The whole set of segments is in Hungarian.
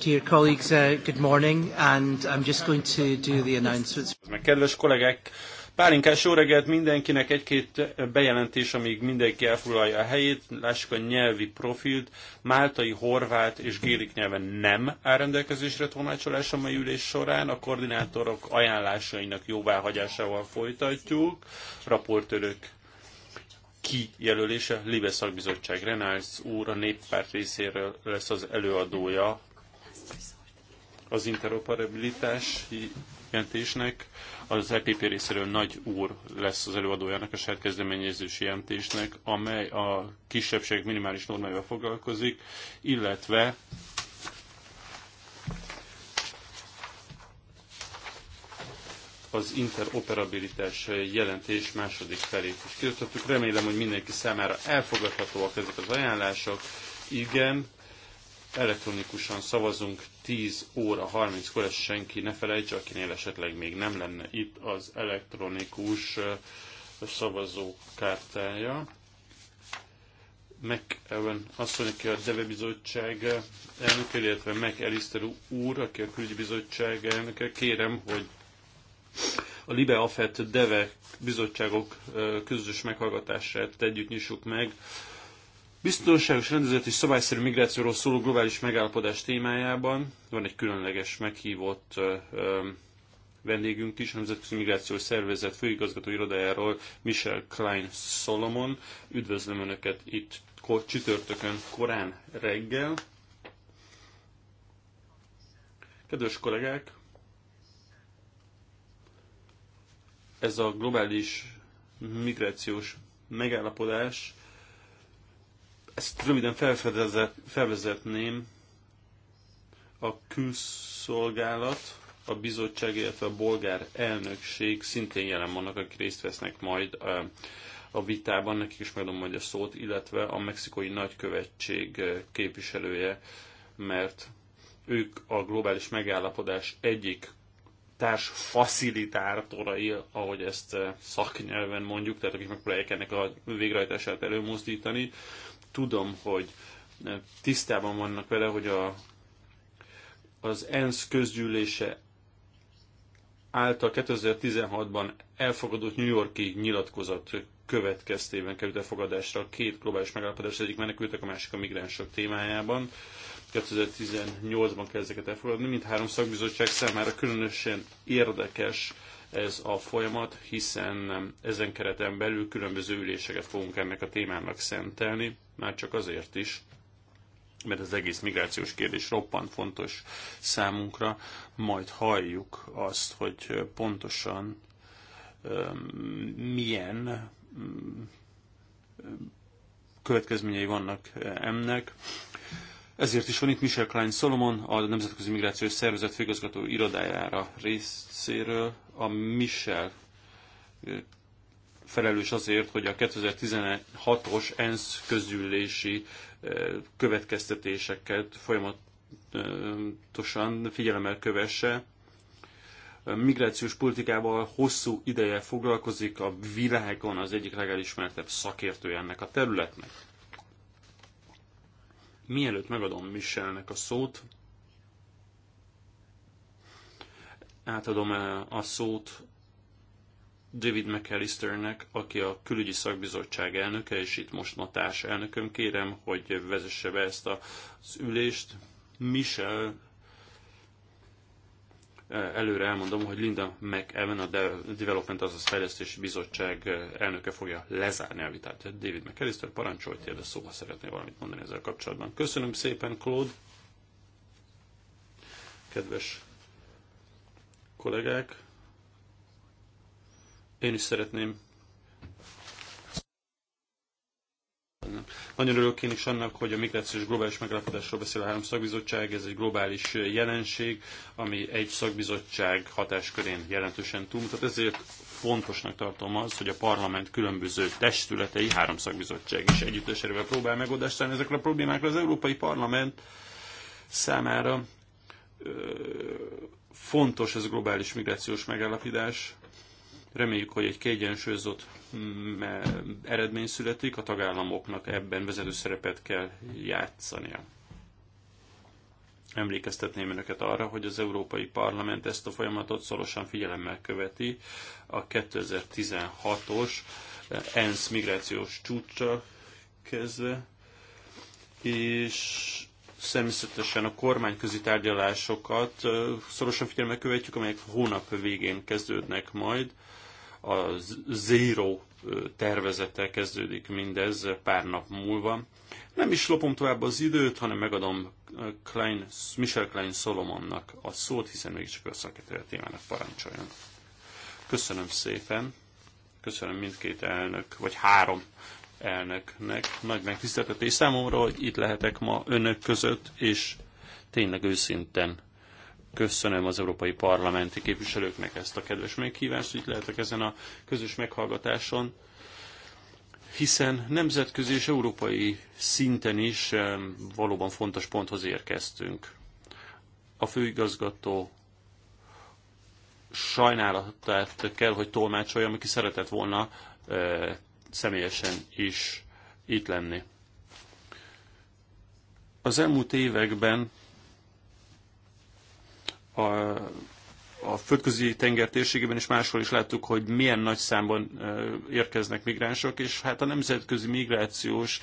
Dear colleagues, uh, good morning, and I'm just going to do the announcements. Meg kedves kollégák, pálinkás jó reggelt mindenkinek, egy-két bejelentés, amíg mindenki elfoglalja a helyét. Lássuk a nyelvi profilt, máltai, horvát és gélik nyelven nem áll rendelkezésre tolmácsolás a mai ülés során. A koordinátorok ajánlásainak jóváhagyásával folytatjuk, raportőrök kijelölése. Libe szakbizottság Renász úr a néppárt részéről lesz az előadója az interoperabilitás jelentésnek. Az EPP részéről Nagy úr lesz az előadójának a saját kezdeményezési jelentésnek, amely a kisebbség minimális normájával foglalkozik, illetve az interoperabilitás jelentés második felét is kiadhatjuk. Remélem, hogy mindenki számára elfogadhatóak ezek az ajánlások. Igen, elektronikusan szavazunk 10 óra 30-kor, ezt senki ne felejtse, akinél esetleg még nem lenne itt az elektronikus szavazókártyája. McEwen asszony, aki a Deve Bizottság elnöke, illetve McAllister úr, aki a Bizottság elnöke. Kérem, hogy a Libe Afet Deve bizottságok közös meghallgatását együtt nyissuk meg. Biztonságos rendezett és szabályszerű migrációról szóló globális megállapodás témájában van egy különleges meghívott vendégünk is, a Nemzetközi Migrációs Szervezet főigazgató irodájáról, Michel Klein Solomon. Üdvözlöm Önöket itt csütörtökön korán reggel. Kedves kollégák, ez a globális migrációs megállapodás, ezt röviden felvezetném a külszolgálat, a bizottság, illetve a bolgár elnökség szintén jelen vannak, akik részt vesznek majd a vitában, nekik is megadom majd a szót, illetve a mexikói nagykövetség képviselője, mert ők a globális megállapodás egyik társ facilitátorai, ahogy ezt eh, szaknyelven mondjuk, tehát akik megpróbálják ennek a végrehajtását előmozdítani. Tudom, hogy eh, tisztában vannak vele, hogy a, az ENSZ közgyűlése által 2016-ban elfogadott New Yorki nyilatkozat következtében került elfogadásra két globális megállapodás, az egyik menekültek, a másik a migránsok témájában. 2018-ban kell ezeket elfogadni. Mindhárom szakbizottság számára különösen érdekes ez a folyamat, hiszen ezen kereten belül különböző üléseket fogunk ennek a témának szentelni, már csak azért is, mert az egész migrációs kérdés roppant fontos számunkra, majd halljuk azt, hogy pontosan milyen következményei vannak ennek. Ezért is van itt Michel Klein Solomon, a Nemzetközi Migrációs Szervezet főigazgató irodájára részéről. A Michel felelős azért, hogy a 2016-os ENSZ közülési következtetéseket folyamatosan figyelemmel kövesse. A migrációs politikával hosszú ideje foglalkozik, a világon az egyik legelismertebb szakértője ennek a területnek. Mielőtt megadom Michelnek a szót, átadom eh, a szót David McAllisternek, aki a külügyi szakbizottság elnöke, és itt most ma társ elnököm. Kérem, hogy vezesse be ezt az ülést. Michel előre elmondom, hogy Linda McEwen, a Development, azaz Fejlesztési Bizottság elnöke fogja lezárni a vitát. David McAllister, parancsolj, hogy a szóba szeretné valamit mondani ezzel kapcsolatban. Köszönöm szépen, Claude. Kedves kollégák, én is szeretném Nagyon örülök én is annak, hogy a migrációs globális megállapodásról beszél a három szakbizottság. Ez egy globális jelenség, ami egy szakbizottság hatáskörén jelentősen túlmutat. Ezért fontosnak tartom az, hogy a parlament különböző testületei, három szakbizottság is együttes erővel próbál megoldást találni ezekre a problémákra. Az Európai Parlament számára ö, fontos ez a globális migrációs megállapítás, Reméljük, hogy egy kiegyensúlyozott mm, e, eredmény születik, a tagállamoknak ebben vezető szerepet kell játszania. Emlékeztetném önöket arra, hogy az Európai Parlament ezt a folyamatot szorosan figyelemmel követi a 2016-os e, ENSZ migrációs csúcsa kezdve, és természetesen a kormányközi tárgyalásokat e, szorosan figyelemmel követjük, amelyek hónap végén kezdődnek majd a zéro tervezettel kezdődik mindez pár nap múlva. Nem is lopom tovább az időt, hanem megadom Klein, Michel Klein Solomonnak a szót, hiszen mégiscsak a szakértője témának parancsoljon. Köszönöm szépen, köszönöm mindkét elnök, vagy három elnöknek. Nagy megtiszteltetés számomra, hogy itt lehetek ma önök között, és tényleg őszinten Köszönöm az európai parlamenti képviselőknek ezt a kedves meghívást, hogy lehetek ezen a közös meghallgatáson hiszen nemzetközi és európai szinten is valóban fontos ponthoz érkeztünk. A főigazgató sajnálatát kell, hogy tolmácsoljam, aki szeretett volna e, személyesen is itt lenni. Az elmúlt években a, a földközi tenger térségében is máshol is láttuk, hogy milyen nagy számban érkeznek migránsok, és hát a nemzetközi migrációs,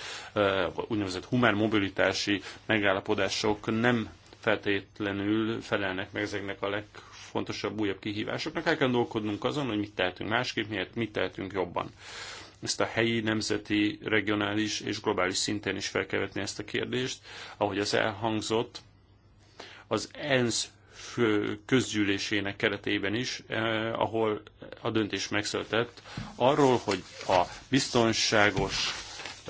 úgynevezett humán mobilitási megállapodások nem feltétlenül felelnek meg ezeknek a legfontosabb újabb kihívásoknak. El kell gondolkodnunk azon, hogy mit tehetünk másképp, miért mit tehetünk jobban. Ezt a helyi, nemzeti, regionális és globális szinten is fel kell vetni ezt a kérdést. Ahogy az elhangzott, az ENSZ közgyűlésének keretében is, eh, ahol a döntés megszöltett, arról, hogy a biztonságos,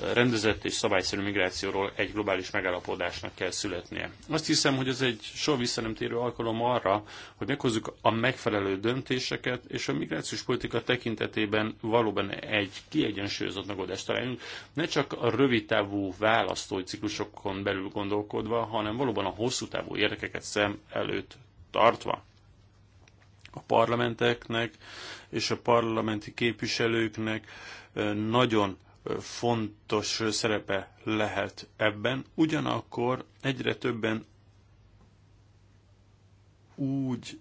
eh, rendezett és szabályszerű migrációról egy globális megállapodásnak kell születnie. Azt hiszem, hogy ez egy soha visszanemtérő alkalom arra, hogy meghozzuk a megfelelő döntéseket, és a migrációs politika tekintetében valóban egy kiegyensúlyozott megoldást találjunk, ne csak a rövid távú választói ciklusokon belül gondolkodva, hanem valóban a hosszú távú érdekeket szem előtt tartva. A parlamenteknek és a parlamenti képviselőknek nagyon fontos szerepe lehet ebben, ugyanakkor egyre többen úgy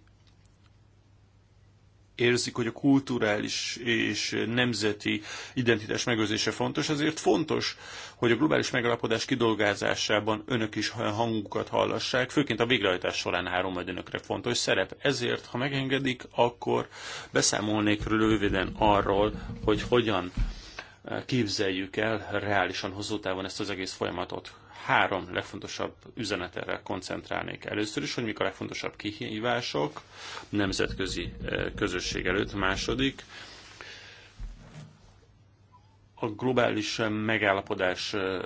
érzik, hogy a kulturális és nemzeti identitás megőrzése fontos, ezért fontos, hogy a globális megalapodás kidolgázásában önök is hangukat hallassák, főként a végrehajtás során három majd önökre fontos szerep. Ezért, ha megengedik, akkor beszámolnék röviden arról, hogy hogyan képzeljük el reálisan hosszú távon ezt az egész folyamatot három legfontosabb üzenetre koncentrálnék. Először is, hogy mik a legfontosabb kihívások nemzetközi eh, közösség előtt. Második, a globális eh, megállapodás eh,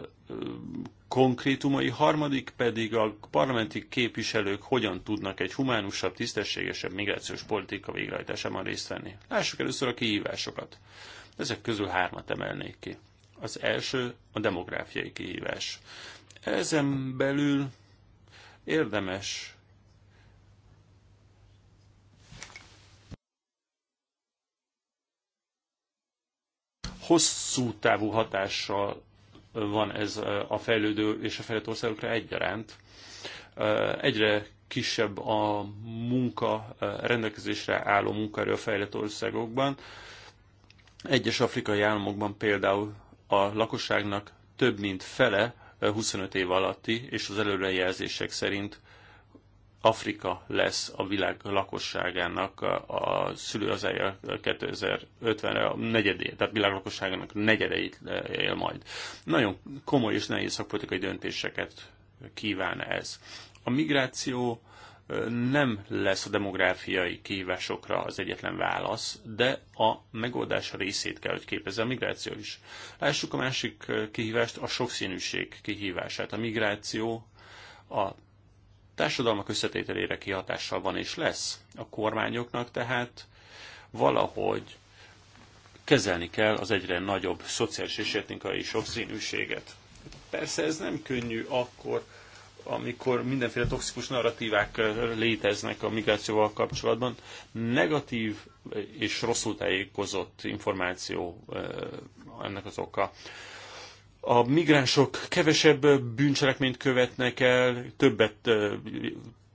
konkrétumai, harmadik pedig a parlamenti képviselők hogyan tudnak egy humánusabb, tisztességesebb migrációs politika végrehajtásában részt venni. Lássuk először a kihívásokat. Ezek közül hármat emelnék ki. Az első a demográfiai kihívás. Ezen belül érdemes hosszú távú hatással van ez a fejlődő és a fejlett országokra egyaránt. Egyre kisebb a munka rendelkezésre álló munkaerő a fejlett országokban. Egyes afrikai államokban például a lakosságnak több mint fele 25 év alatti, és az előrejelzések szerint Afrika lesz a világ lakosságának a szülőhazája 2050-re a negyedé, tehát világ lakosságának negyedeit e, él majd. Nagyon komoly és nehéz szakpolitikai döntéseket kíván ez. A migráció nem lesz a demográfiai kihívásokra az egyetlen válasz, de a megoldás részét kell, hogy képezze a migráció is. Lássuk a másik kihívást, a sokszínűség kihívását. A migráció a társadalmak összetételére kihatással van és lesz. A kormányoknak tehát valahogy kezelni kell az egyre nagyobb szociális és etnikai sokszínűséget. Persze ez nem könnyű akkor, amikor mindenféle toxikus narratívák léteznek a migrációval kapcsolatban, negatív és rosszul tájékozott információ ennek az oka. A migránsok kevesebb bűncselekményt követnek el, többet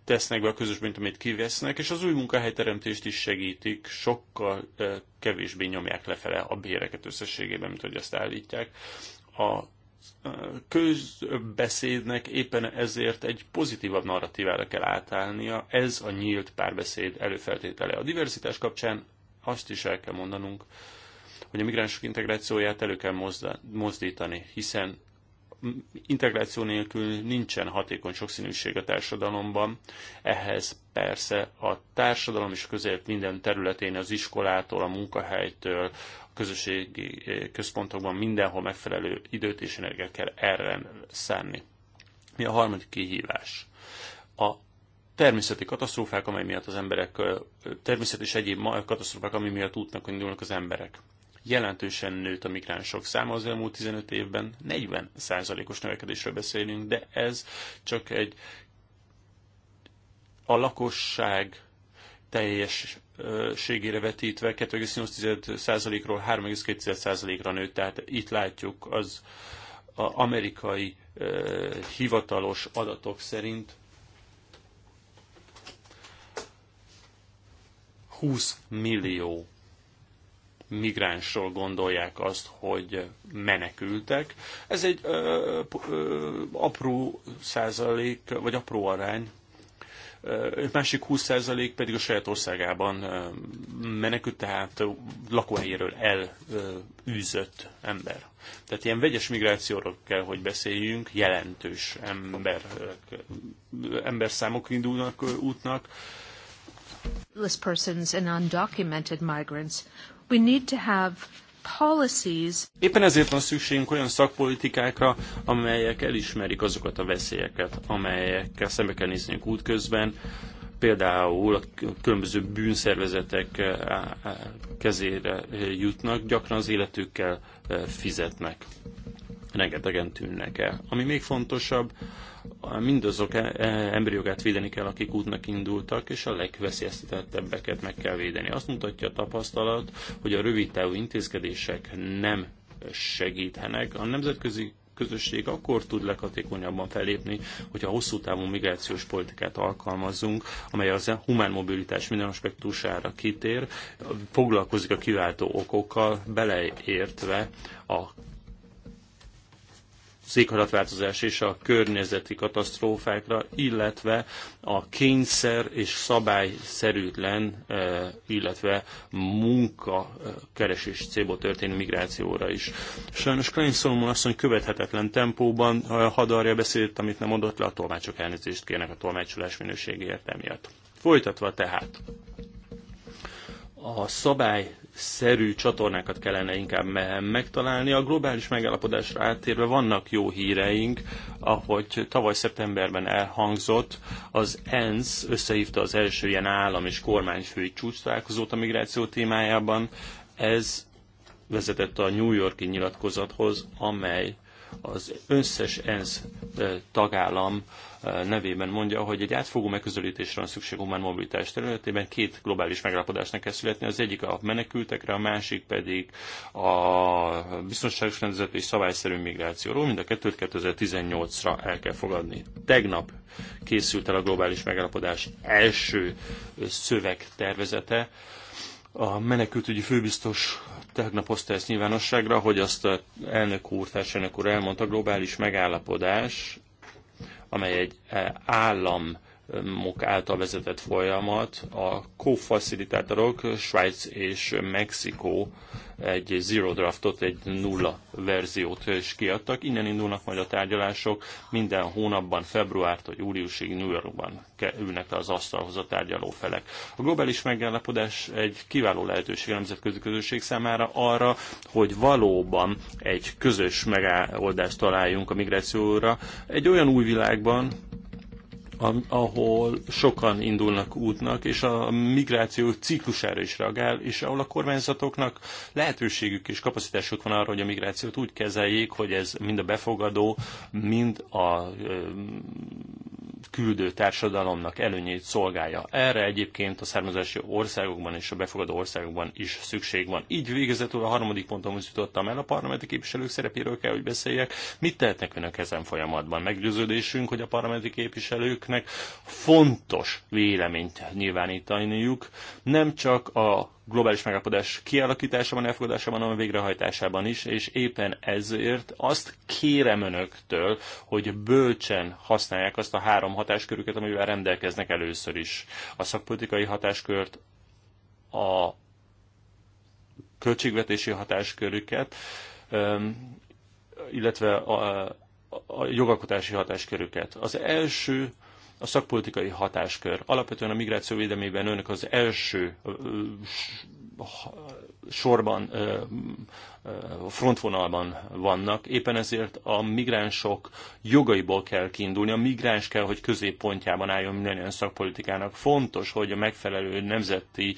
tesznek be a közös, mint amit kivesznek, és az új munkahelyteremtést is segítik, sokkal kevésbé nyomják lefele a béreket összességében, mint hogy ezt állítják. A közbeszédnek éppen ezért egy pozitívabb narratívára kell átállnia. Ez a nyílt párbeszéd előfeltétele. A diversitás kapcsán azt is el kell mondanunk, hogy a migránsok integrációját elő kell mozdítani, hiszen integráció nélkül nincsen hatékony sokszínűség a társadalomban. Ehhez persze a társadalom és a közélet minden területén, az iskolától, a munkahelytől, közösségi eh, központokban mindenhol megfelelő időt és energiát kell erre szánni. Mi a harmadik kihívás? A természeti katasztrófák, amely miatt az emberek, eh, természet és egyéb katasztrófák, ami miatt útnak indulnak az emberek. Jelentősen nőtt a migránsok száma az elmúlt 15 évben, 40%-os növekedésről beszélünk, de ez csak egy a lakosság teljes segére vetítve 2,8%-ról 3,2%-ra nőtt, tehát itt látjuk az a amerikai hivatalos adatok szerint 20 millió migránsról gondolják azt, hogy menekültek. Ez egy ö, ö, apró százalék, vagy apró arány, másik 20% pedig a saját országában menekült, tehát lakóhelyéről elűzött ember. Tehát ilyen vegyes migrációról kell, hogy beszéljünk, jelentős ember, emberszámok indulnak útnak. Persons and undocumented migrants. We need to have Éppen ezért van szükségünk olyan szakpolitikákra, amelyek elismerik azokat a veszélyeket, amelyekkel szembe kell nézniük útközben, például a különböző bűnszervezetek eh, eh, kezére eh, jutnak, gyakran az életükkel fizetnek, rengetegen tűnnek el. Ami még fontosabb, mindazok e, e, embriógát védeni kell, akik útnak indultak, és a legveszélyeztetettebbeket meg kell védeni. Azt mutatja a tapasztalat, hogy a rövid távú intézkedések nem segíthenek. A nemzetközi közösség akkor tud leghatékonyabban felépni, hogyha hosszú távú migrációs politikát alkalmazzunk, amely az humán mobilitás minden aspektusára kitér, foglalkozik a kiváltó okokkal, beleértve a az éghajlatváltozás és a környezeti katasztrófákra, illetve a kényszer és szabályszerűtlen, eh, illetve munkakeresés célból történő migrációra is. Sajnos Klein Solomon asszony követhetetlen tempóban eh, hadarja beszélt, amit nem adott le, a tolmácsok elnézést kérnek a tolmácsolás minőségéért emiatt. Folytatva tehát a szabályszerű csatornákat kellene inkább megtalálni. A globális megállapodásra áttérve vannak jó híreink, ahogy tavaly szeptemberben elhangzott, az ENSZ összehívta az első ilyen állam és kormányfői csúcs találkozót a migráció témájában. Ez vezetett a New Yorki nyilatkozathoz, amely az összes ENSZ tagállam nevében mondja, hogy egy átfogó megközelítésre van szükség humán mobilitás területében. Két globális megállapodásnak kell születni, az egyik a menekültekre, a másik pedig a biztonságos rendezett és szabályszerű migrációról. Mind a kettőt 2018-ra el kell fogadni. Tegnap készült el a globális megállapodás első szövegtervezete. A menekültügyi főbiztos tegnap hozta ezt nyilvánosságra, hogy azt a elnök úr, társelnök úr elmondta, globális megállapodás, amely egy eh, állam által vezetett folyamat. A co-facilitátorok Svájc és Mexikó egy zero draftot, egy nulla verziót is kiadtak. Innen indulnak majd a tárgyalások. Minden hónapban, vagy júliusig New Yorkban ülnek le az asztalhoz a tárgyaló felek. A globális megállapodás egy kiváló lehetőség a nemzetközi közösség számára arra, hogy valóban egy közös megoldást találjunk a migrációra. Egy olyan új világban, ahol sokan indulnak útnak, és a migráció ciklusára is reagál, és ahol a kormányzatoknak lehetőségük és kapacitásuk van arra, hogy a migrációt úgy kezeljék, hogy ez mind a befogadó, mind a küldő társadalomnak előnyét szolgálja. Erre egyébként a származási országokban és a befogadó országokban is szükség van. Így végezetül a harmadik pontomhoz jutottam el, a parlamenti képviselők szerepéről kell, hogy beszéljek. Mit tehetnek önök ezen folyamatban? Meggyőződésünk, hogy a parlamenti képviselőknek fontos véleményt nyilvánítaniuk, nem csak a globális megállapodás kialakításában, elfogadásában, a végrehajtásában is, és éppen ezért azt kérem önöktől, hogy bölcsen használják azt a három hatáskörüket, amivel rendelkeznek először is. A szakpolitikai hatáskört, a költségvetési hatáskörüket, illetve a, a jogalkotási hatáskörüket. Az első a szakpolitikai hatáskör. Alapvetően a migráció védelmében önök az első sorban, frontvonalban vannak. Éppen ezért a migránsok jogaiból kell kiindulni. A migráns kell, hogy középpontjában álljon minden ilyen szakpolitikának. Fontos, hogy a megfelelő nemzeti,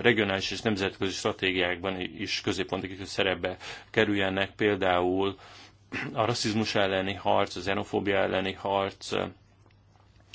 regionális és nemzetközi stratégiákban is középponti szerepbe kerüljenek. Például a rasszizmus elleni harc, az xenofóbia elleni harc,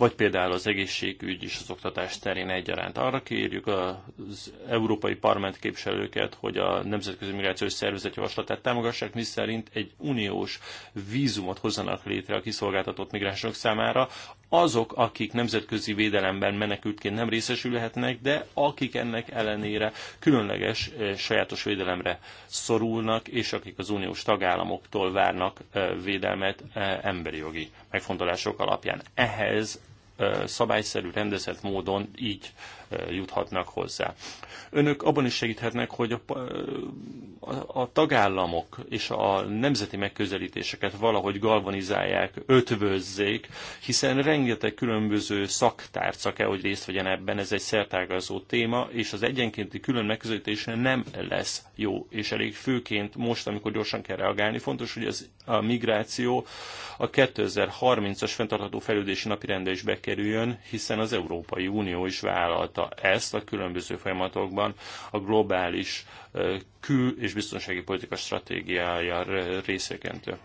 vagy például az egészségügy és az oktatás terén egyaránt. Arra kérjük az európai parlament képviselőket, hogy a Nemzetközi Migrációs Szervezet javaslatát támogassák, szerint egy uniós vízumot hozzanak létre a kiszolgáltatott migránsok számára, azok, akik nemzetközi védelemben menekültként nem részesülhetnek, de akik ennek ellenére különleges eh, sajátos védelemre szorulnak, és akik az uniós tagállamoktól várnak eh, védelmet eh, emberi jogi megfontolások alapján. Ehhez szabályszerű, rendezett módon így Eh, juthatnak hozzá. Önök abban is segíthetnek, hogy a, a, eh, a tagállamok és a nemzeti megközelítéseket valahogy galvanizálják, ötvözzék, hiszen rengeteg különböző szaktárca kell, hogy részt vegyen ebben, ez egy szertágazó téma, és az egyenkénti külön megközelítésen nem lesz jó és elég főként most, amikor gyorsan kell reagálni, fontos, hogy az, a migráció a 2030-as fenntartható fejlődési napirendre is bekerüljön, hiszen az Európai Unió is vállalta megvitatta ezt a különböző folyamatokban a globális kül- és biztonsági politika stratégiája részeként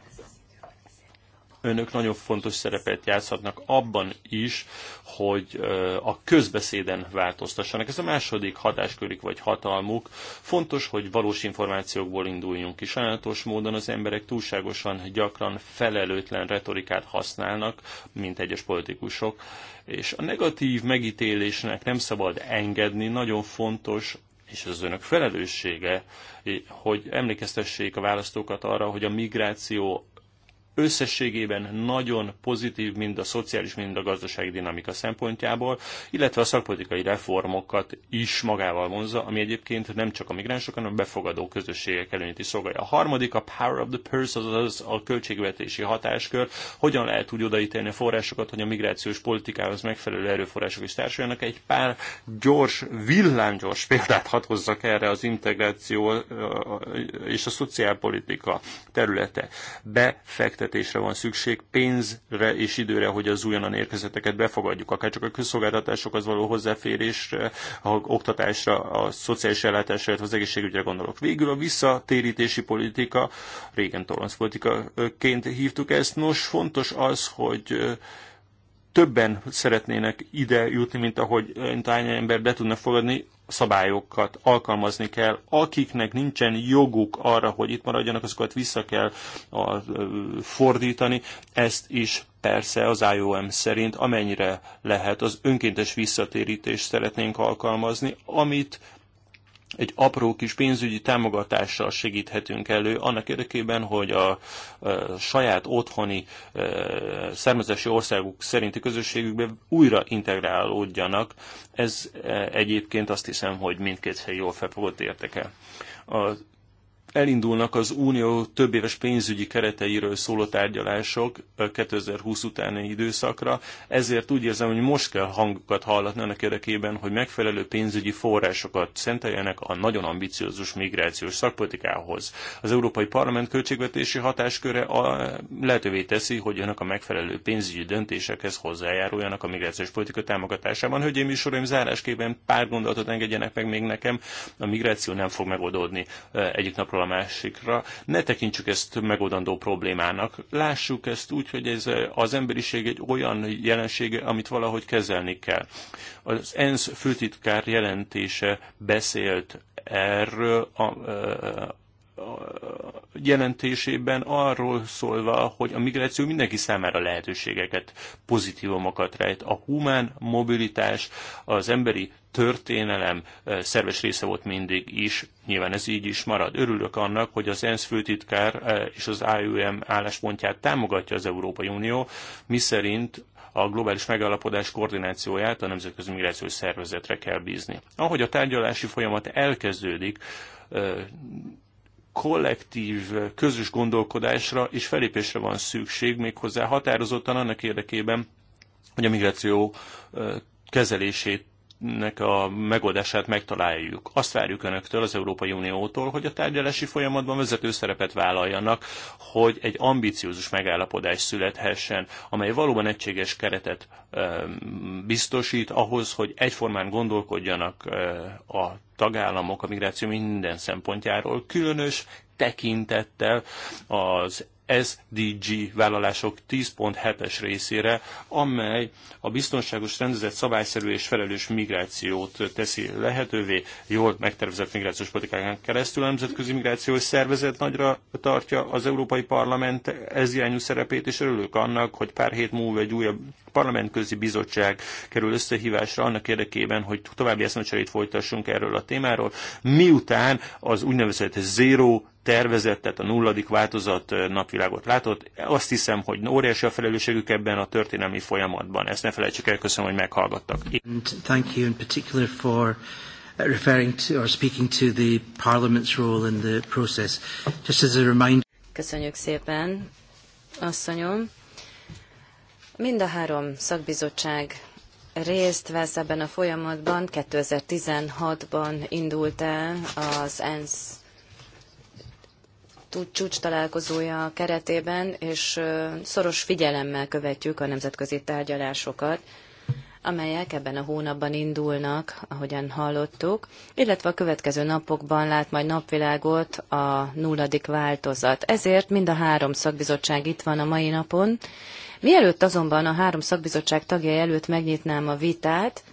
önök nagyon fontos szerepet játszhatnak abban is, hogy a közbeszéden változtassanak. Ez a második hatáskörük vagy hatalmuk. Fontos, hogy valós információkból induljunk ki. Sajnálatos módon az emberek túlságosan gyakran felelőtlen retorikát használnak, mint egyes politikusok, és a negatív megítélésnek nem szabad engedni, nagyon fontos és ez az önök felelőssége, hogy emlékeztessék a választókat arra, hogy a migráció összességében nagyon pozitív mind a szociális, mind a gazdasági dinamika szempontjából, illetve a szakpolitikai reformokat is magával vonza, ami egyébként nem csak a migránsok, hanem a befogadó közösségek előnyét is szolgálja. A harmadik, a power of the purse, azaz a költségvetési hatáskör, hogyan lehet úgy odaítélni a forrásokat, hogy a migrációs politikához megfelelő erőforrások is társuljanak. Egy pár gyors, villámgyors példát hadd hozzak erre az integráció és a szociálpolitika területe. Befektetés befektetésre van szükség, pénzre és időre, hogy az újonnan érkezeteket befogadjuk, akár csak a közszolgáltatásokhoz való hozzáférésre, a oktatásra, a szociális ellátásra, az egészségügyre gondolok. Végül a visszatérítési politika, régen tolonc politikaként hívtuk ezt, nos fontos az, hogy többen szeretnének ide jutni, mint ahogy hány ember be tudna fogadni, szabályokat alkalmazni kell. Akiknek nincsen joguk arra, hogy itt maradjanak, azokat vissza kell a, fordítani. Ezt is persze az IOM szerint amennyire lehet az önkéntes visszatérítést szeretnénk alkalmazni, amit egy apró kis pénzügyi támogatással segíthetünk elő, annak érdekében, hogy a, a saját otthoni a, e, származási országuk szerinti közösségükbe újra integrálódjanak. Ez e, egyébként azt hiszem, hogy mindkét hely jól felfogott érteke. A elindulnak az unió többéves pénzügyi kereteiről szóló tárgyalások 2020 utáni időszakra, ezért úgy érzem, hogy most kell hangokat hallatni annak érdekében, hogy megfelelő pénzügyi forrásokat szenteljenek a nagyon ambiciózus migrációs szakpolitikához. Az Európai Parlament költségvetési hatásköre a, lehetővé teszi, hogy önök a megfelelő pénzügyi döntésekhez hozzájáruljanak a migrációs politika támogatásában. Hölgyeim és uraim, zárásképpen pár gondolatot engedjenek meg még nekem, a migráció nem fog megoldódni egyik napról a másikra. Ne tekintsük ezt megoldandó problémának. Lássuk ezt úgy, hogy ez az emberiség egy olyan jelensége, amit valahogy kezelni kell. Az ENSZ főtitkár jelentése beszélt erről a, jelentésében arról szólva, hogy a migráció mindenki számára lehetőségeket, pozitívumokat rejt. A humán mobilitás, az emberi történelem szerves része volt mindig is, nyilván ez így is marad. Örülök annak, hogy az ENSZ főtitkár és az IOM álláspontját támogatja az Európai Unió, miszerint a globális megállapodás koordinációját a Nemzetközi Migrációs Szervezetre kell bízni. Ahogy a tárgyalási folyamat elkezdődik, kollektív, közös gondolkodásra és felépésre van szükség, méghozzá határozottan annak érdekében, hogy a migráció kezelését nek a megoldását megtaláljuk. Azt várjuk Önöktől, az Európai Uniótól, hogy a tárgyalási folyamatban vezető szerepet vállaljanak, hogy egy ambiciózus megállapodás születhessen, amely valóban egységes keretet biztosít ahhoz, hogy egyformán gondolkodjanak a tagállamok a migráció minden szempontjáról, különös tekintettel az SDG vállalások 10.7-es részére, amely a biztonságos rendezett szabályszerű és felelős migrációt teszi lehetővé, jól megtervezett migrációs politikán keresztül a Nemzetközi Migrációs Szervezet nagyra tartja az Európai Parlament ez irányú szerepét, és örülök annak, hogy pár hét múlva egy újabb parlamentközi bizottság kerül összehívásra annak érdekében, hogy további eszmecserét folytassunk erről a témáról, miután az úgynevezett Zero tervezett, tehát a nulladik változat napvilágot látott. Azt hiszem, hogy óriási a felelősségük ebben a történelmi folyamatban. Ezt ne felejtsük el, köszönöm, hogy meghallgattak. And thank you in particular for uh, referring to or speaking to the parliament's role in the process. Just as a reminder. Köszönjük szépen, asszonyom. Mind a három szakbizottság részt vesz ebben a folyamatban. 2016-ban indult el az ENSZ csúcs találkozója keretében, és szoros figyelemmel követjük a nemzetközi tárgyalásokat, amelyek ebben a hónapban indulnak, ahogyan hallottuk, illetve a következő napokban lát majd napvilágot a nulladik változat. Ezért mind a három szakbizottság itt van a mai napon. Mielőtt azonban a három szakbizottság tagjai előtt megnyitnám a vitát,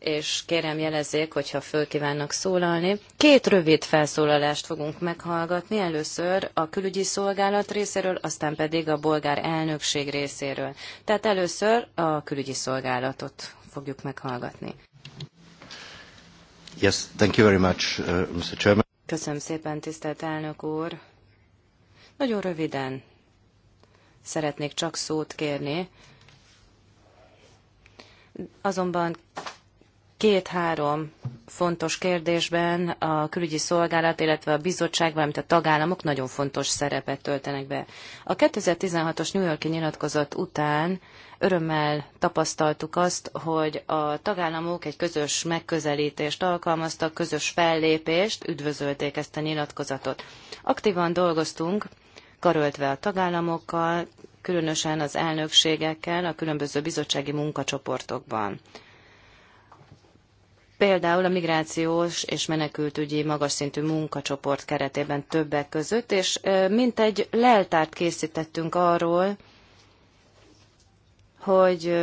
és kérem jelezzék, hogyha föl kívánnak szólalni. Két rövid felszólalást fogunk meghallgatni, először a külügyi szolgálat részéről, aztán pedig a bolgár elnökség részéről. Tehát először a külügyi szolgálatot fogjuk meghallgatni. Yes, thank you very much, uh, Mr. Chairman. Köszönöm szépen, tisztelt elnök úr. Nagyon röviden szeretnék csak szót kérni, azonban két-három fontos kérdésben a külügyi szolgálat, illetve a bizottság, valamint a tagállamok nagyon fontos szerepet töltenek be. A 2016-os New Yorki nyilatkozat után örömmel tapasztaltuk azt, hogy a tagállamok egy közös megközelítést alkalmaztak, közös fellépést, üdvözölték ezt a nyilatkozatot. Aktívan dolgoztunk, karöltve a tagállamokkal, különösen az elnökségekkel, a különböző bizottsági munkacsoportokban például a migrációs és menekültügyi magas szintű munkacsoport keretében többek között, és mint egy leltárt készítettünk arról, hogy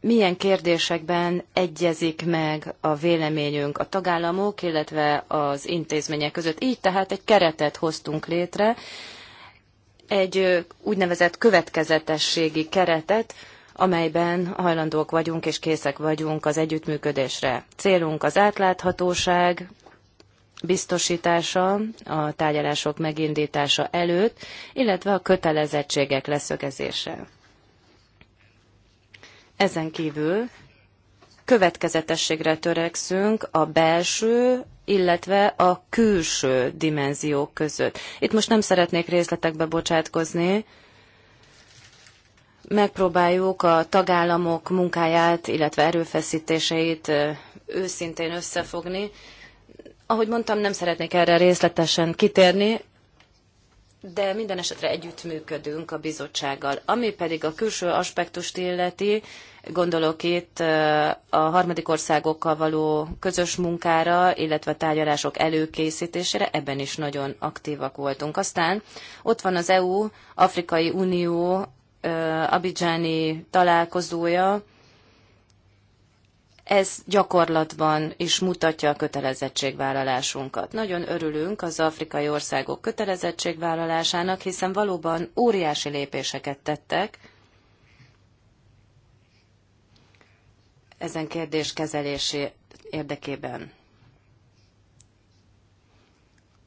milyen kérdésekben egyezik meg a véleményünk a tagállamok, illetve az intézmények között. Így tehát egy keretet hoztunk létre, egy úgynevezett következetességi keretet, amelyben hajlandók vagyunk és készek vagyunk az együttműködésre. Célunk az átláthatóság, biztosítása, a tárgyalások megindítása előtt, illetve a kötelezettségek leszögezése. Ezen kívül következetességre törekszünk a belső, illetve a külső dimenziók között. Itt most nem szeretnék részletekbe bocsátkozni, megpróbáljuk a tagállamok munkáját, illetve erőfeszítéseit őszintén összefogni. Ahogy mondtam, nem szeretnék erre részletesen kitérni, de minden esetre együttműködünk a bizottsággal. Ami pedig a külső aspektust illeti, gondolok itt a harmadik országokkal való közös munkára, illetve a tárgyalások előkészítésére, ebben is nagyon aktívak voltunk. Aztán ott van az EU, Afrikai Unió abidzsáni találkozója, ez gyakorlatban is mutatja a kötelezettségvállalásunkat. Nagyon örülünk az afrikai országok kötelezettségvállalásának, hiszen valóban óriási lépéseket tettek ezen kérdés kezelési érdekében.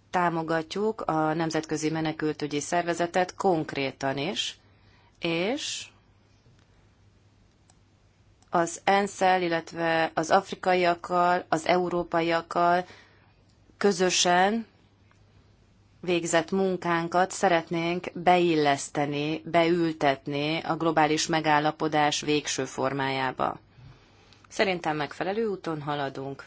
Támogatjuk a Nemzetközi Menekültügyi Szervezetet konkrétan is, és az ensz illetve az afrikaiakkal, az európaiakkal közösen végzett munkánkat szeretnénk beilleszteni, beültetni a globális megállapodás végső formájába. Szerintem megfelelő úton haladunk,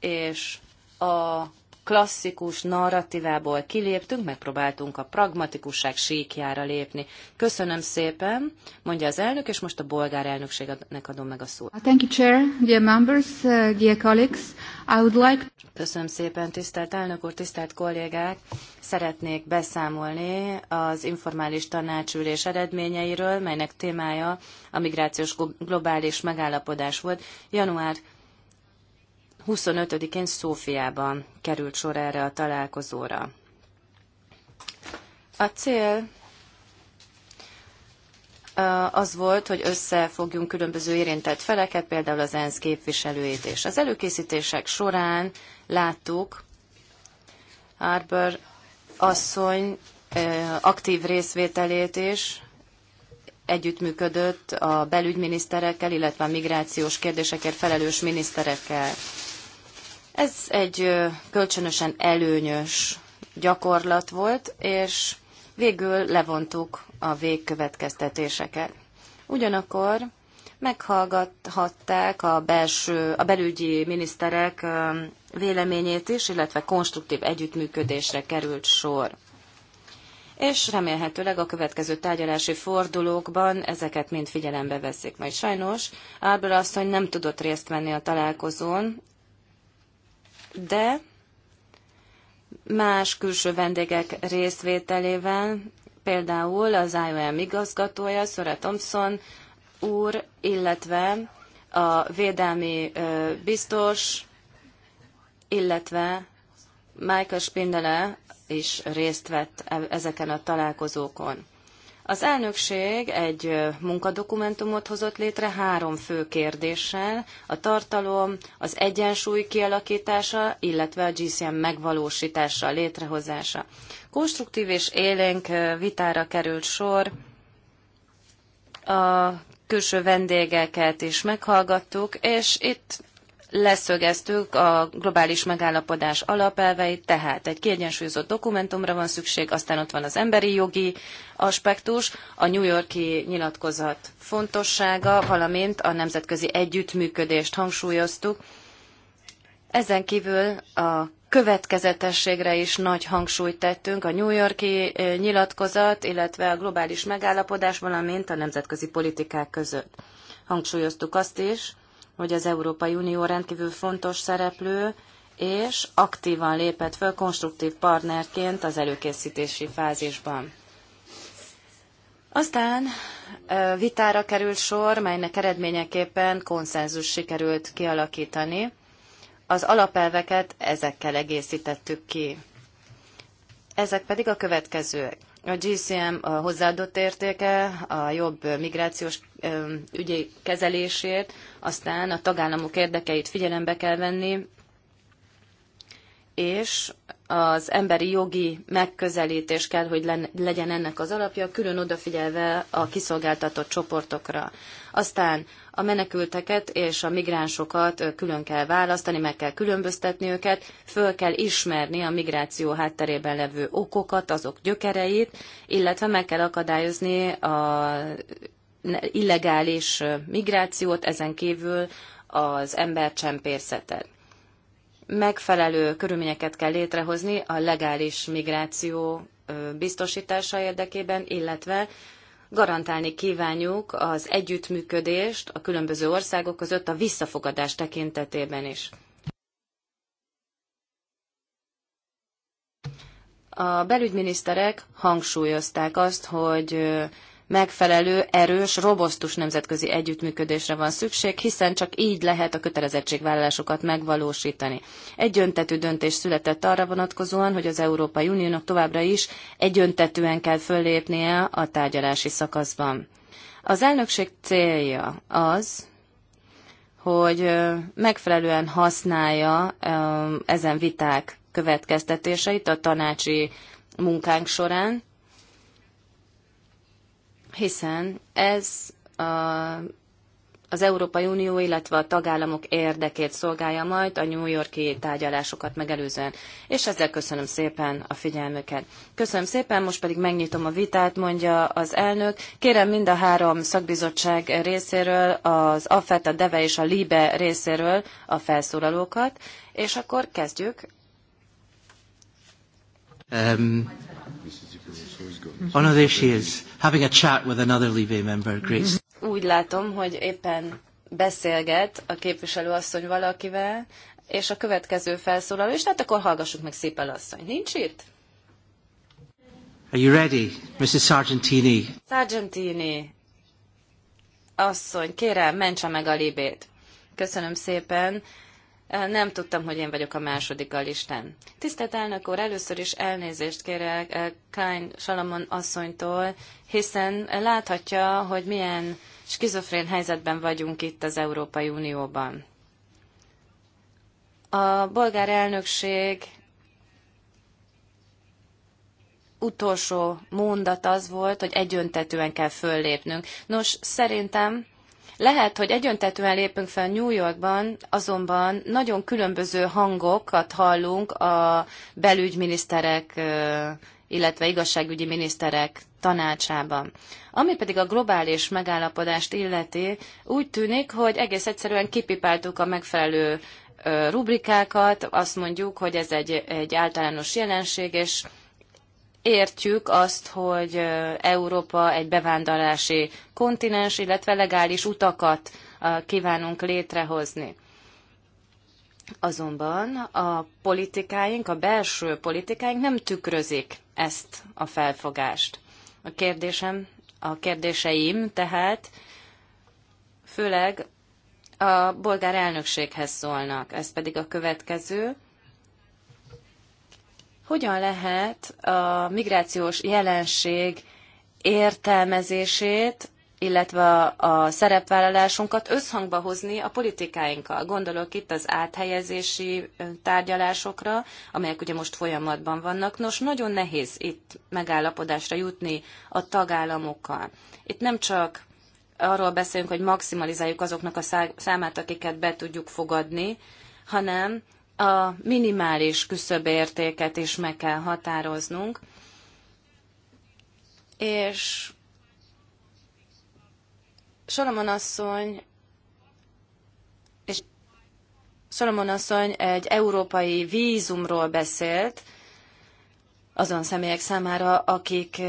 és a klasszikus narratívából kiléptünk, megpróbáltunk a pragmatikusság síkjára lépni. Köszönöm szépen, mondja az elnök, és most a bolgár elnökségnek adom meg a szót. Uh, thank you, Chair, dear members, uh, dear colleagues. I would like... Köszönöm szépen, tisztelt elnök úr, tisztelt kollégák! Szeretnék beszámolni az informális tanácsülés eredményeiről, melynek témája a migrációs globális megállapodás volt. Január 25-én Szófiában került sor erre a találkozóra. A cél az volt, hogy összefogjunk különböző érintett feleket, például az ENSZ képviselőit és az előkészítések során láttuk Harbour asszony aktív részvételét is, együttműködött a belügyminiszterekkel, illetve a migrációs kérdésekért felelős miniszterekkel. Ez egy kölcsönösen előnyös gyakorlat volt, és végül levontuk a végkövetkeztetéseket. Ugyanakkor meghallgathatták a, belső, a belügyi miniszterek véleményét is, illetve konstruktív együttműködésre került sor. És remélhetőleg a következő tárgyalási fordulókban ezeket mind figyelembe veszik. Majd sajnos Ábel asszony nem tudott részt venni a találkozón, de más külső vendégek részvételével, például az IOM igazgatója, Szora Thompson úr, illetve a védelmi biztos, illetve Michael Spindele is részt vett e- ezeken a találkozókon. Az elnökség egy munkadokumentumot hozott létre három fő kérdéssel, a tartalom, az egyensúly kialakítása, illetve a GCM megvalósítása, létrehozása. Konstruktív és élénk vitára került sor, a külső vendégeket is meghallgattuk, és itt leszögeztük a globális megállapodás alapelveit, tehát egy kiegyensúlyozott dokumentumra van szükség, aztán ott van az emberi jogi aspektus, a New Yorki nyilatkozat fontossága, valamint a nemzetközi együttműködést hangsúlyoztuk. Ezen kívül a következetességre is nagy hangsúlyt tettünk, a New Yorki eh, nyilatkozat, illetve a globális megállapodás, valamint a nemzetközi politikák között. Hangsúlyoztuk azt is, hogy az Európai Unió rendkívül fontos szereplő, és aktívan lépett föl konstruktív partnerként az előkészítési fázisban. Aztán vitára került sor, melynek eredményeképpen konszenzus sikerült kialakítani. Az alapelveket ezekkel egészítettük ki. Ezek pedig a következőek. A GCM a hozzáadott értéke, a jobb migrációs ügyi kezelését, aztán a tagállamok érdekeit figyelembe kell venni, és az emberi jogi megközelítés kell, hogy legyen ennek az alapja, külön odafigyelve a kiszolgáltatott csoportokra. Aztán a menekülteket és a migránsokat külön kell választani, meg kell különböztetni őket, föl kell ismerni a migráció hátterében levő okokat, azok gyökereit, illetve meg kell akadályozni a illegális migrációt, ezen kívül az embercsempészetet. Megfelelő körülményeket kell létrehozni a legális migráció biztosítása érdekében, illetve garantálni kívánjuk az együttműködést a különböző országok között a visszafogadás tekintetében is. A belügyminiszterek hangsúlyozták azt, hogy megfelelő, erős, robosztus nemzetközi együttműködésre van szükség, hiszen csak így lehet a kötelezettségvállalásokat megvalósítani. Egyöntetű döntés született arra vonatkozóan, hogy az Európai Uniónak továbbra is egyöntetűen kell föllépnie a tárgyalási szakaszban. Az elnökség célja az, hogy megfelelően használja ezen viták következtetéseit a tanácsi munkánk során, hiszen ez a, az Európai Unió, illetve a tagállamok érdekét szolgálja majd a New Yorki tárgyalásokat megelőzően. És ezzel köszönöm szépen a figyelmüket. Köszönöm szépen, most pedig megnyitom a vitát, mondja az elnök. Kérem mind a három szakbizottság részéről, az AFET, a DEVE és a LIBE részéről a felszólalókat, és akkor kezdjük. Um, oh having a chat with another Libé member. Grace. Mhm. Úgy látom, hogy éppen beszélget a képviselő asszony valakivel, és a következő felszólaló, és hát akkor hallgassuk meg szépen asszony. Nincs itt? Are you ready, Mrs. Sargentini? Sargentini, asszony, kérem, mentse meg a libét. Köszönöm szépen. Nem tudtam, hogy én vagyok a második a listán. Tisztelt elnök úr, először is elnézést kérek Kány Salamon asszonytól, hiszen láthatja, hogy milyen skizofrén helyzetben vagyunk itt az Európai Unióban. A bolgár elnökség utolsó mondat az volt, hogy egyöntetően kell föllépnünk. Nos, szerintem lehet, hogy egyöntetően lépünk fel New Yorkban, azonban nagyon különböző hangokat hallunk a belügyminiszterek, illetve igazságügyi miniszterek tanácsában. Ami pedig a globális megállapodást illeti, úgy tűnik, hogy egész egyszerűen kipipáltuk a megfelelő rubrikákat, azt mondjuk, hogy ez egy, egy általános jelenség, és értjük azt, hogy Európa egy bevándorlási kontinens, illetve legális utakat kívánunk létrehozni. Azonban a politikáink, a belső politikáink nem tükrözik ezt a felfogást. A kérdésem, a kérdéseim tehát főleg a bolgár elnökséghez szólnak. Ez pedig a következő. Hogyan lehet a migrációs jelenség értelmezését, illetve a szerepvállalásunkat összhangba hozni a politikáinkkal. Gondolok itt az áthelyezési tárgyalásokra, amelyek ugye most folyamatban vannak. Nos, nagyon nehéz itt megállapodásra jutni a tagállamokkal. Itt nem csak arról beszélünk, hogy maximalizáljuk azoknak a számát, akiket be tudjuk fogadni, hanem a minimális küszöbértéket is meg kell határoznunk, és Solomon asszony és Solomon asszony egy európai vízumról beszélt, azon személyek számára, akik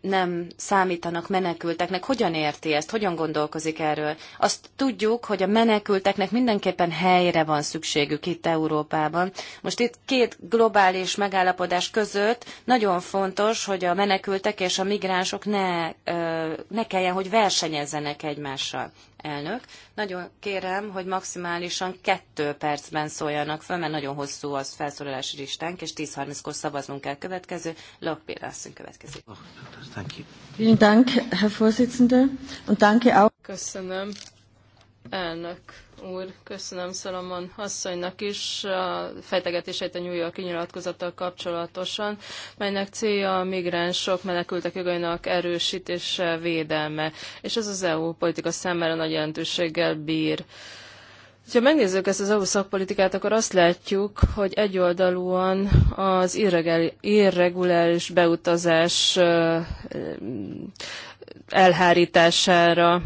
nem számítanak menekülteknek. Hogyan érti ezt? Hogyan gondolkozik erről? Azt tudjuk, hogy a menekülteknek mindenképpen helyre van szükségük itt Európában. Most itt két globális megállapodás között nagyon fontos, hogy a menekültek és a migránsok ne, ne kelljen, hogy versenyezzenek egymással elnök. Nagyon kérem, hogy maximálisan kettő percben szóljanak fel, mert nagyon hosszú az felszólalási listánk, és 10.30-kor szavaznunk kell következő. Lakpérászunk következik. Vielen Dank, Herr Vorsitzender, und danke auch. Köszönöm, Elnök úr, köszönöm Szalomon asszonynak is a fejtegetéseit a New York nyilatkozattal kapcsolatosan, melynek célja a migránsok menekültek jogainak erősítése, védelme, és ez az EU politika számára nagy jelentőséggel bír. Ha megnézzük ezt az EU szakpolitikát, akkor azt látjuk, hogy egyoldalúan az irreguláris beutazás elhárítására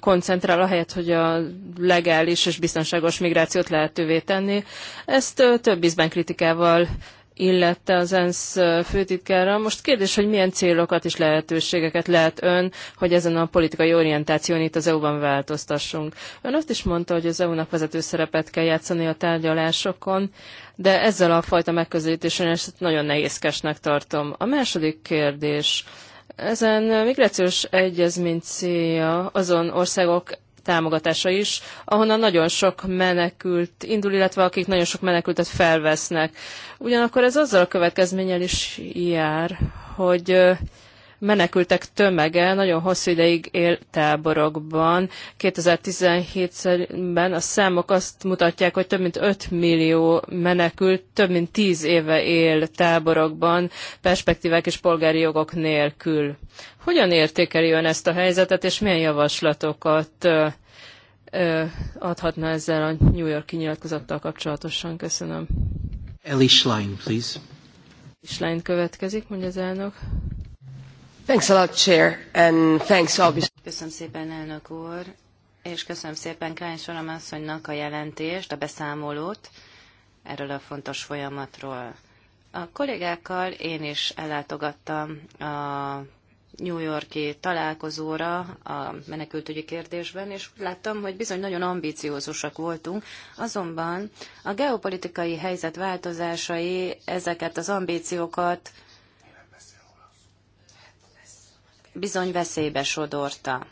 koncentrál, ahelyett, hogy a legális és biztonságos migrációt lehetővé tenni. Ezt több ízben kritikával illette az ENSZ főtitkára. Most kérdés, hogy milyen célokat és lehetőségeket lehet ön, hogy ezen a politikai orientáción itt az EU-ban változtassunk. Ön azt is mondta, hogy az EU-nak vezető szerepet kell játszani a tárgyalásokon, de ezzel a fajta megközelítésen ezt nagyon nehézkesnek tartom. A második kérdés, ezen migrációs egyezmény célja azon országok támogatása is, ahonnan nagyon sok menekült indul, illetve akik nagyon sok menekültet felvesznek. Ugyanakkor ez azzal a következménnyel is jár, hogy menekültek tömege nagyon hosszú ideig él táborokban. 2017-ben a számok azt mutatják, hogy több mint 5 millió menekült több mint 10 éve él táborokban, perspektívák és polgári jogok nélkül. Hogyan értékeli ön ezt a helyzetet, és milyen javaslatokat adhatna ezzel a New Yorki nyilatkozattal kapcsolatosan. Köszönöm. Eli Schlein, please. Schlein következik, mondja az elnök. Köszönöm szépen, elnök úr, és köszönöm szépen Kány Soram asszonynak a jelentést, a beszámolót erről a fontos folyamatról. A kollégákkal én is ellátogattam a New Yorki találkozóra a menekültügyi kérdésben, és láttam, hogy bizony nagyon ambiciózusak voltunk, azonban a geopolitikai helyzet változásai ezeket az ambíciókat bizony veszélybe sodorta.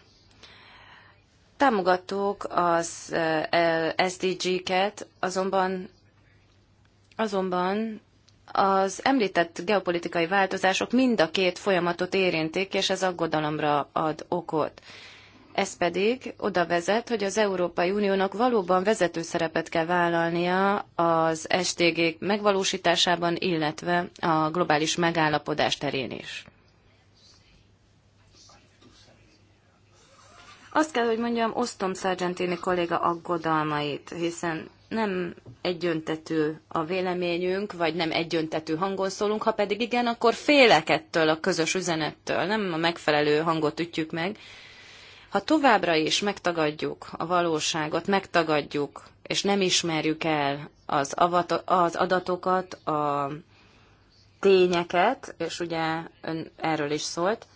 Támogattuk az e, SDG-ket, azonban, azonban az említett geopolitikai változások mind a két folyamatot érintik, és ez aggodalomra ad okot. Ez pedig oda vezet, hogy az Európai Uniónak valóban vezető szerepet kell vállalnia az STG megvalósításában, illetve a globális megállapodás terén is. Azt kell, hogy mondjam, osztom Sargentini kolléga aggodalmait, hiszen nem egyöntetű a véleményünk, vagy nem egyöntetű hangon szólunk, ha pedig igen, akkor félek ettől a közös üzenettől, nem a megfelelő hangot ütjük meg. Ha továbbra is megtagadjuk a valóságot, megtagadjuk, és nem ismerjük el az, avat- az adatokat, a tényeket, és ugye ön erről is szólt,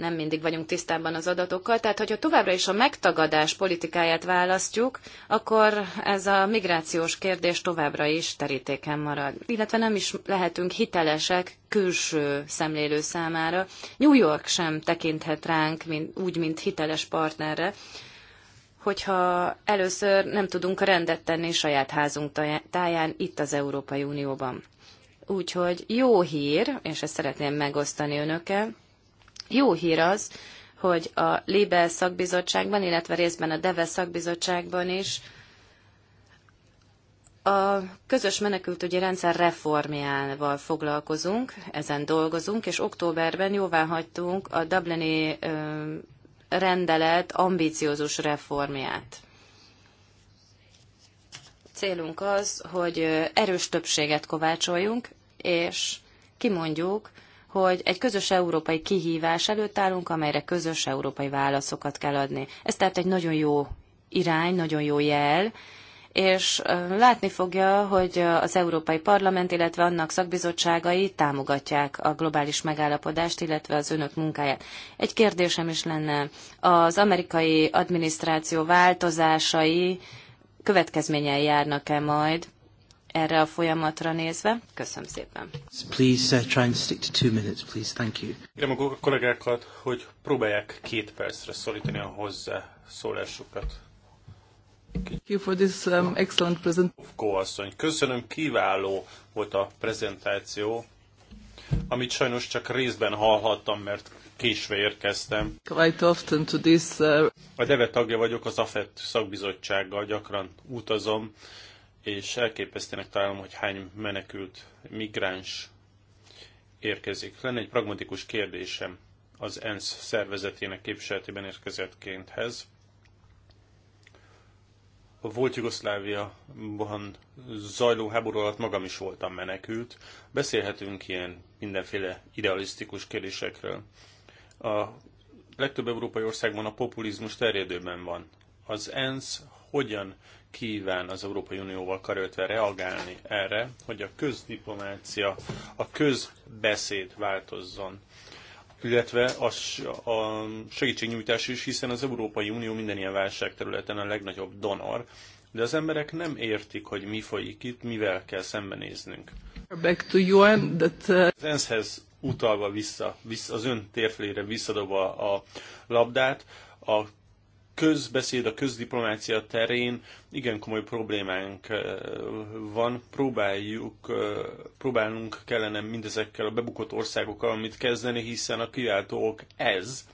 nem mindig vagyunk tisztában az adatokkal, tehát hogyha továbbra is a megtagadás politikáját választjuk, akkor ez a migrációs kérdés továbbra is terítéken marad. Illetve nem is lehetünk hitelesek külső szemlélő számára. New York sem tekinthet ránk mint, úgy, mint hiteles partnerre, hogyha először nem tudunk rendet tenni saját házunk táján itt az Európai Unióban. Úgyhogy jó hír, és ezt szeretném megosztani önökkel, jó hír az, hogy a Libe szakbizottságban, illetve részben a Deve szakbizottságban is a közös menekültügyi rendszer reformjával foglalkozunk, ezen dolgozunk, és októberben jóvá hagytunk a Dublini rendelet ambíciózus reformját. Célunk az, hogy erős többséget kovácsoljunk, és kimondjuk, hogy egy közös európai kihívás előtt állunk, amelyre közös európai válaszokat kell adni. Ez tehát egy nagyon jó irány, nagyon jó jel, és látni fogja, hogy az Európai Parlament, illetve annak szakbizottságai támogatják a globális megállapodást, illetve az önök munkáját. Egy kérdésem is lenne, az amerikai adminisztráció változásai következménnyel járnak-e majd erre a folyamatra nézve. Köszönöm szépen. Please uh, try and stick to two minutes, please. Thank you. Kérem a kollégákat, hogy próbálják két percre szorítani a hozzá szólásukat. Thank you for this um, excellent presentation. köszönöm, kiváló volt a prezentáció, amit sajnos csak részben hallhattam, mert késve érkeztem. Quite often to this, uh... A DEVE tagja vagyok, az AFET szakbizottsággal gyakran utazom, és elképesztőnek találom, hogy hány menekült migráns érkezik. Lenne egy pragmatikus kérdésem az ENSZ szervezetének képviseletében érkezettkénthez. A volt Jugoszláviaban zajló háború alatt magam is voltam menekült. Beszélhetünk ilyen mindenféle idealisztikus kérdésekről. A legtöbb európai országban a populizmus terjedőben van. Az ENSZ hogyan kíván az Európai Unióval karöltve reagálni erre, hogy a közdiplomácia, a közbeszéd változzon? illetve a, a segítségnyújtás is, hiszen az Európai Unió minden ilyen válság területen a legnagyobb donor, de az emberek nem értik, hogy mi folyik itt, mivel kell szembenéznünk. Back to UN, that, uh... Az ENSZ-hez utalva vissza, vissza, az ön térfélére visszadobva a labdát, a közbeszéd, a közdiplomácia terén igen komoly problémánk eh, van. Próbáljuk, eh, próbálnunk kellene mindezekkel a bebukott országokkal amit kezdeni, hiszen a kiváltók ez.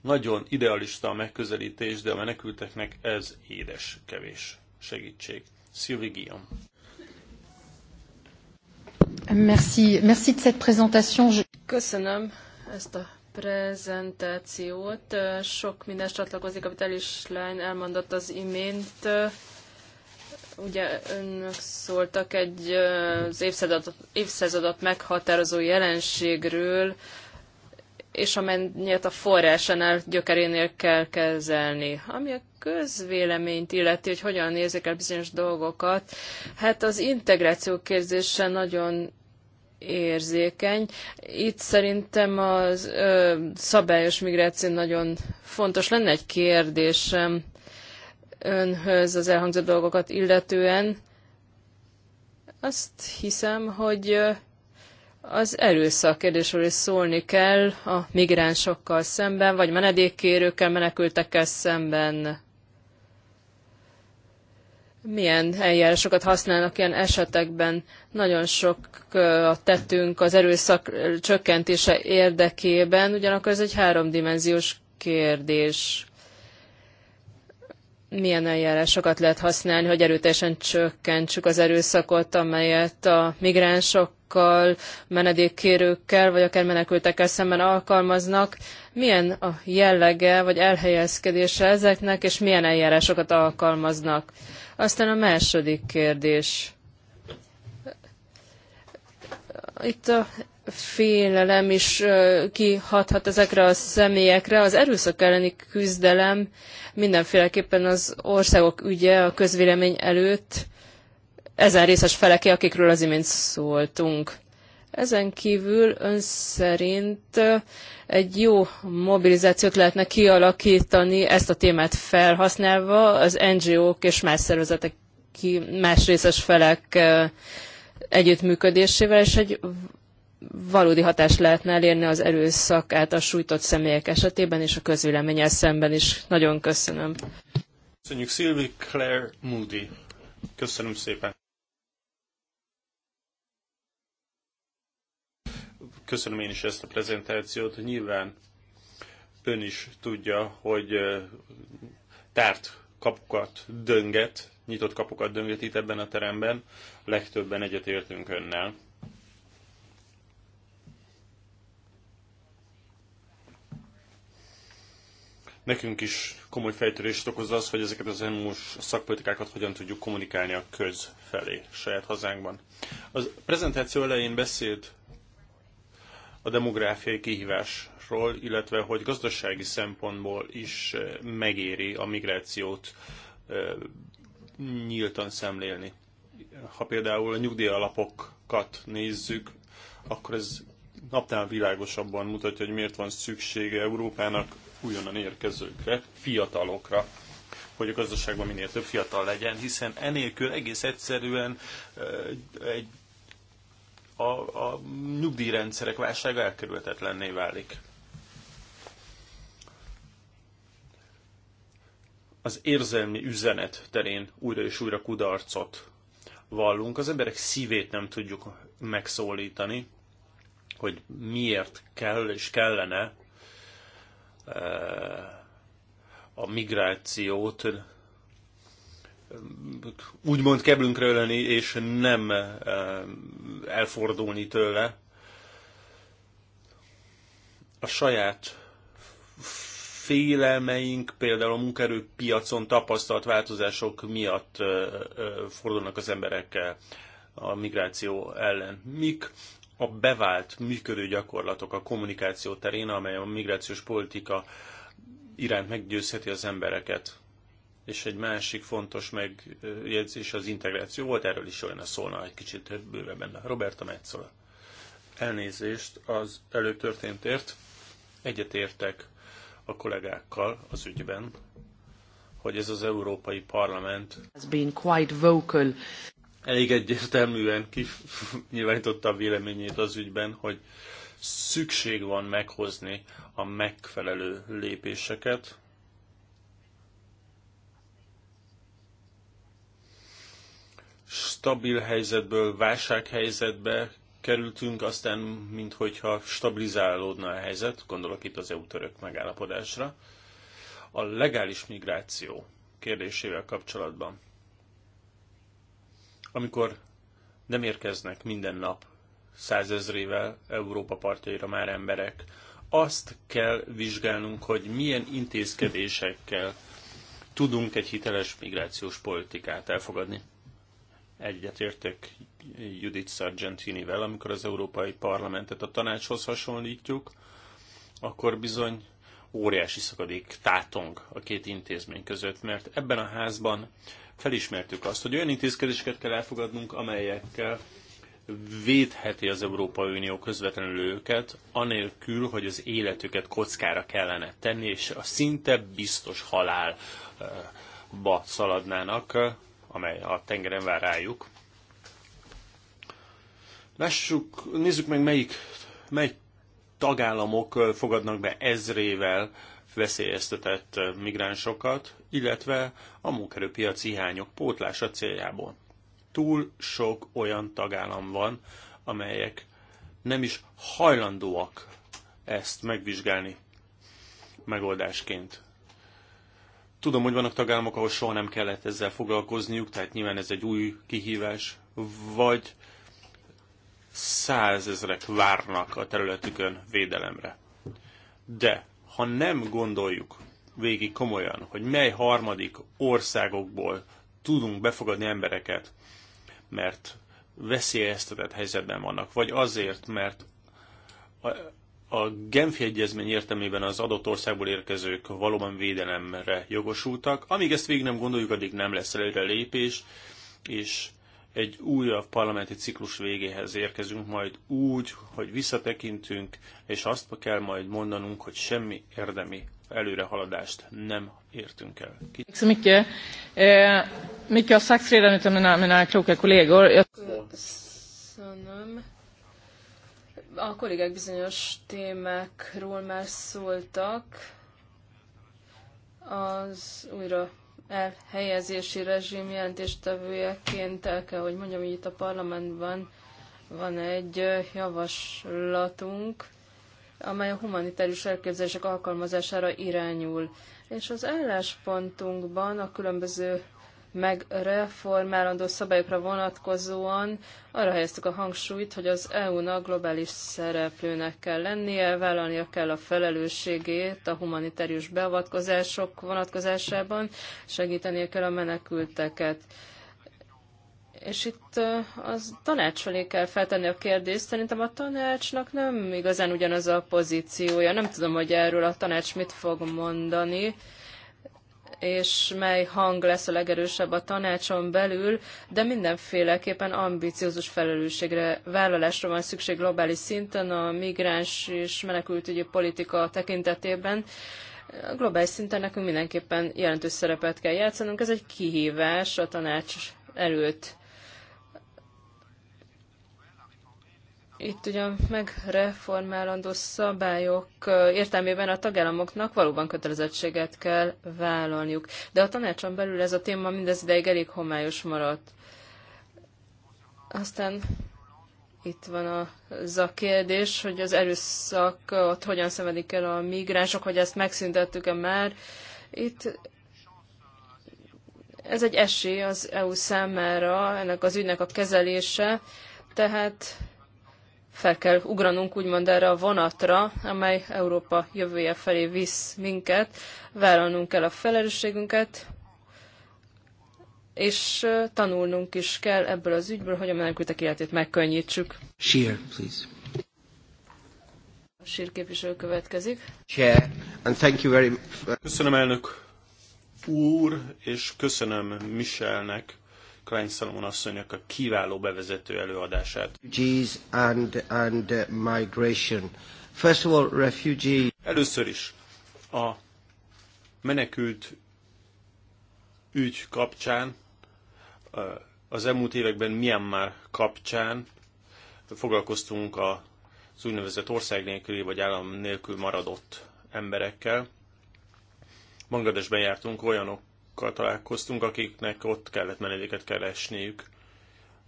Nagyon idealista a megközelítés, de a menekülteknek ez édes kevés segítség. Sylvie Guillaume. Merci, merci de cette présentation. Köszönöm ezt a prezentációt. Sok minden csatlakozik, amit is Lány elmondott az imént. Ugye önök szóltak egy az évszázadot, évszázadot meghatározó jelenségről, és amennyit a forrásánál, gyökerénél kell kezelni. Ami a közvéleményt illeti, hogy hogyan nézik el bizonyos dolgokat, hát az integráció kérdése nagyon érzékeny. Itt szerintem a szabályos migráció nagyon fontos. Lenne egy kérdésem önhöz az elhangzott dolgokat illetően. Azt hiszem, hogy az erőszak kérdésről is szólni kell a migránsokkal szemben, vagy menedékkérőkkel, menekültekkel szemben milyen eljárásokat használnak ilyen esetekben. Nagyon sok tettünk az erőszak csökkentése érdekében, ugyanakkor ez egy háromdimenziós kérdés. Milyen eljárásokat lehet használni, hogy erőteljesen csökkentsük az erőszakot, amelyet a migránsokkal, menedékkérőkkel, vagy akár menekültekkel szemben alkalmaznak. Milyen a jellege, vagy elhelyezkedése ezeknek, és milyen eljárásokat alkalmaznak aztán a második kérdés. Itt a félelem is kihathat ezekre a személyekre. Az erőszak elleni küzdelem mindenféleképpen az országok ügye a közvélemény előtt ezen részes feleké, akikről az imént szóltunk. Ezen kívül ön szerint egy jó mobilizációt lehetne kialakítani ezt a témát felhasználva az NGO-k és más szervezetek, más részes felek együttműködésével, és egy valódi hatást lehetne elérni az erőszak által sújtott személyek esetében és a közvéleménnyel szemben is. Nagyon köszönöm. Köszönjük Sylvie Claire Moody. Köszönöm szépen. Köszönöm én is ezt a prezentációt. Nyilván ön is tudja, hogy tárt kapukat dönget, nyitott kapukat dönget itt ebben a teremben. Legtöbben egyetértünk önnel. nekünk is komoly fejtörést okoz az, hogy ezeket az elmúlt szakpolitikákat hogyan tudjuk kommunikálni a köz felé saját hazánkban. A prezentáció elején beszélt a demográfiai kihívásról, illetve hogy gazdasági szempontból is eh, megéri a migrációt eh, nyíltan szemlélni. Ha például a nyugdíjalapokat nézzük, akkor ez naptán világosabban mutatja, hogy miért van szüksége Európának újonnan érkezőkre, fiatalokra, hogy a gazdaságban minél több fiatal legyen, hiszen enélkül egész egyszerűen eh, egy a, a nyugdíjrendszerek válsága elkerülhetetlenné válik. Az érzelmi üzenet terén újra és újra kudarcot vallunk, az emberek szívét nem tudjuk megszólítani, hogy miért kell és kellene eh, a migrációt úgymond keblünkre ölelni, és nem eh, elfordulni tőle. A saját félelmeink például a munkaerőpiacon tapasztalt változások miatt eh, eh, fordulnak az emberek a migráció ellen. Mik a bevált működő gyakorlatok a kommunikáció terén, amely a migrációs politika iránt meggyőzheti az embereket? és egy másik fontos megjegyzés az integráció volt, erről is olyan szólna egy kicsit bővebben. Roberta Metzola. Elnézést az előtörténtért. Egyetértek a kollégákkal az ügyben, hogy ez az Európai Parlament has been quite vocal. elég egyértelműen kinyilvánította a véleményét az ügyben, hogy szükség van meghozni a megfelelő lépéseket, stabil helyzetből válsághelyzetbe kerültünk, aztán minthogyha stabilizálódna a helyzet, gondolok itt az EU-török megállapodásra. A legális migráció kérdésével kapcsolatban, amikor nem érkeznek minden nap százezrével Európa partjaira már emberek, azt kell vizsgálnunk, hogy milyen intézkedésekkel tudunk egy hiteles migrációs politikát elfogadni. Egyetértek Judith Sargentinivel, amikor az Európai Parlamentet a tanácshoz hasonlítjuk, akkor bizony óriási szakadék tátong a két intézmény között, mert ebben a házban felismertük azt, hogy olyan intézkedéseket kell elfogadnunk, amelyekkel védheti az Európai Unió közvetlenül őket, anélkül, hogy az életüket kockára kellene tenni, és a szinte biztos halálba szaladnának amely a tengeren vár rájuk. Lássuk, nézzük meg, melyik, mely tagállamok fogadnak be ezrével veszélyeztetett migránsokat, illetve a munkerőpiaci hiányok pótlása céljából. Túl sok olyan tagállam van, amelyek nem is hajlandóak ezt megvizsgálni megoldásként. Tudom, hogy vannak tagállamok, ahol soha nem kellett ezzel foglalkozniuk, tehát nyilván ez egy új kihívás, vagy százezrek várnak a területükön védelemre. De ha nem gondoljuk végig komolyan, hogy mely harmadik országokból tudunk befogadni embereket, mert veszélyeztetett helyzetben vannak, vagy azért, mert a Genfi Egyezmény értelmében az adott országból érkezők valóban védelemre jogosultak. Amíg ezt végig nem gondoljuk, addig nem lesz előre lépés, és egy újabb parlamenti ciklus végéhez érkezünk majd úgy, hogy visszatekintünk, és azt kell majd mondanunk, hogy semmi érdemi előrehaladást nem értünk el. Köszönöm. Eh, a kollégák bizonyos témákról már szóltak. Az újra elhelyezési rezsim jelentéstevőjeként el kell, hogy mondjam, hogy itt a parlamentben van egy javaslatunk, amely a humanitárius elképzelések alkalmazására irányul. És az álláspontunkban a különböző meg reformálandó szabályokra vonatkozóan arra helyeztük a hangsúlyt, hogy az EU-nak globális szereplőnek kell lennie, vállalnia kell a felelősségét a humanitárius beavatkozások vonatkozásában, segítenie kell a menekülteket. És itt az tanács felé kell feltenni a kérdést. Szerintem a tanácsnak nem igazán ugyanaz a pozíciója. Nem tudom, hogy erről a tanács mit fog mondani és mely hang lesz a legerősebb a tanácson belül, de mindenféleképpen ambiciózus felelősségre, vállalásra van szükség globális szinten a migráns és menekültügyi politika tekintetében. A globális szinten nekünk mindenképpen jelentős szerepet kell játszanunk, ez egy kihívás a tanács előtt Itt ugye megreformálandó szabályok értelmében a tagállamoknak valóban kötelezettséget kell vállalniuk. De a tanácson belül ez a téma mindez ideig elég homályos maradt. Aztán itt van a, az a kérdés, hogy az ott hogyan szenvedik el a migránsok, hogy ezt megszüntettük-e már. Itt ez egy esély az EU számára, ennek az ügynek a kezelése, tehát fel kell ugranunk úgymond erre a vonatra, amely Európa jövője felé visz minket, vállalnunk kell a felelősségünket, és tanulnunk is kell ebből az ügyből, hogy a menekültek életét megkönnyítsük. Sheer, please. A Sheer képviselő következik. Chair, and thank you very Köszönöm elnök úr, és köszönöm Michelnek Klein Salomon asszonynak a kiváló bevezető előadását. Refugees and, and uh, migration. First of all, refugee. Először is a menekült ügy kapcsán, uh, az elmúlt években Myanmar kapcsán foglalkoztunk az úgynevezett ország nélküli vagy állam nélkül maradott emberekkel. Bangladesben jártunk olyanok olyanokkal találkoztunk, akiknek ott kellett menedéket keresniük.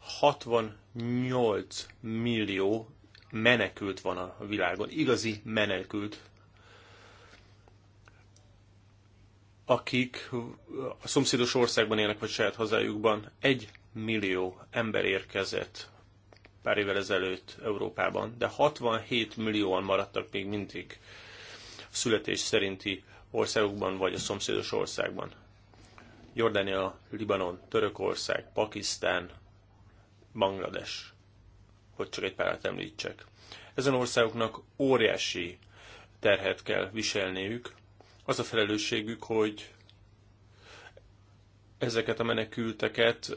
68 millió menekült van a világon, igazi menekült, akik a szomszédos országban élnek, vagy saját hazájukban. Egy millió ember érkezett pár évvel ezelőtt Európában, de 67 millióan maradtak még mindig születés szerinti országokban, vagy a szomszédos országban. Jordánia, Libanon, Törökország, Pakisztán, Banglades, hogy csak egy párat említsek. Ezen országoknak óriási terhet kell viselniük. Az a felelősségük, hogy ezeket a menekülteket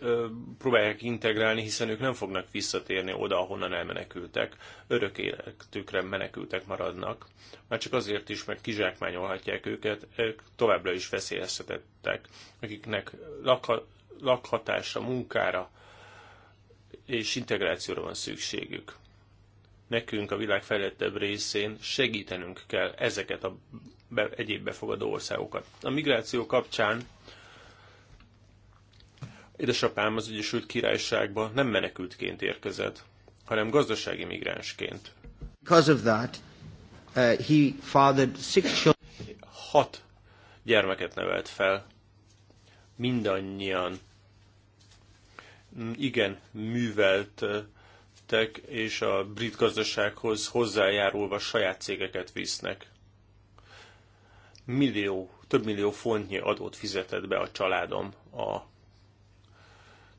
próbálják integrálni, hiszen ők nem fognak visszatérni oda, ahonnan elmenekültek, örök életükre menekültek maradnak. Már csak azért is, mert kizsákmányolhatják őket, ők továbbra is veszélyeztetettek, akiknek lakha, lakhatásra, munkára és integrációra van szükségük. Nekünk a világ fejlettebb részén segítenünk kell ezeket a be, egyéb befogadó országokat. A migráció kapcsán Édesapám az Egyesült Királyságba nem menekültként érkezett, hanem gazdasági migránsként. Because of that, uh, he fathered six children. Hat gyermeket nevelt fel. Mindannyian mm, igen műveltek, és a brit gazdasághoz hozzájárulva saját cégeket visznek. Millió, több millió fontnyi adót fizetett be a családom a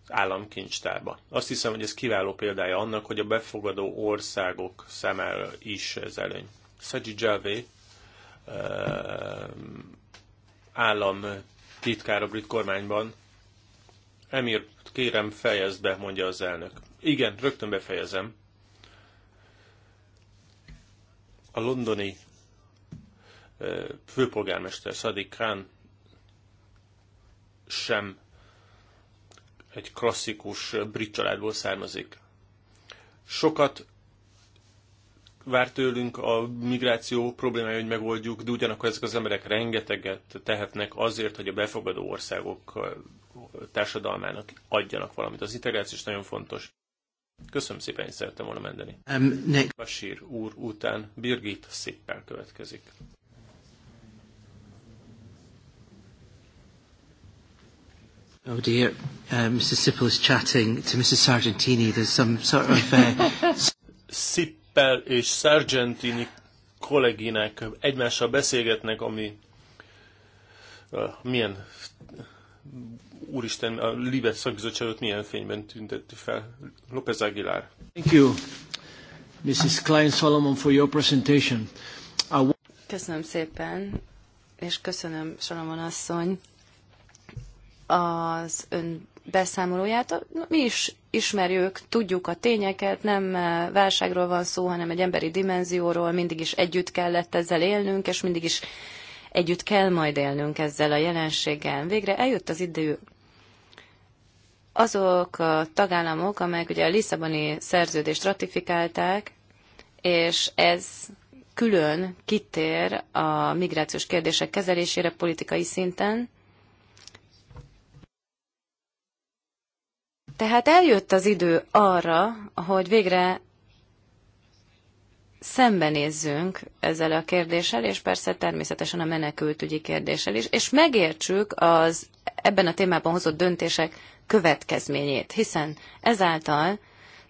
államkincstárba. Azt hiszem, hogy ez kiváló példája annak, hogy a befogadó országok szemére is ez előny. Szegyi Javé eh, állam titkár a brit kormányban. Emir, kérem, fejezd be, mondja az elnök. Igen, rögtön befejezem. A londoni eh, főpolgármester Sadiq Khan sem egy klasszikus brit családból származik. Sokat vár tőlünk a migráció problémája, hogy megoldjuk, de ugyanakkor ezek az emberek rengeteget tehetnek azért, hogy a befogadó országok társadalmának adjanak valamit. Az integráció is nagyon fontos. Köszönöm szépen, hogy szerettem volna mondani. Um, ne- Basír úr után Birgit szépen következik. Oh dear, uh, Mrs. Sippel is chatting to Mrs. Sargentini. There's some sort of... Uh... Sippel és Sargentini kolléginák egymással beszélgetnek, ami uh, milyen úristen, a Libet szakbizottságot milyen fényben tüntette fel. López Aguilar. Thank you, Mrs. Klein Solomon, for your presentation. I... Köszönöm szépen, és köszönöm Solomon asszony az ön beszámolóját. Mi is ismerjük, tudjuk a tényeket, nem válságról van szó, hanem egy emberi dimenzióról, mindig is együtt kellett ezzel élnünk, és mindig is együtt kell majd élnünk ezzel a jelenséggel. Végre eljött az idő azok a tagállamok, amelyek ugye a Lisszaboni szerződést ratifikálták, és ez külön kitér a migrációs kérdések kezelésére politikai szinten, Tehát eljött az idő arra, hogy végre szembenézzünk ezzel a kérdéssel, és persze természetesen a menekültügyi kérdéssel is, és megértsük az ebben a témában hozott döntések következményét, hiszen ezáltal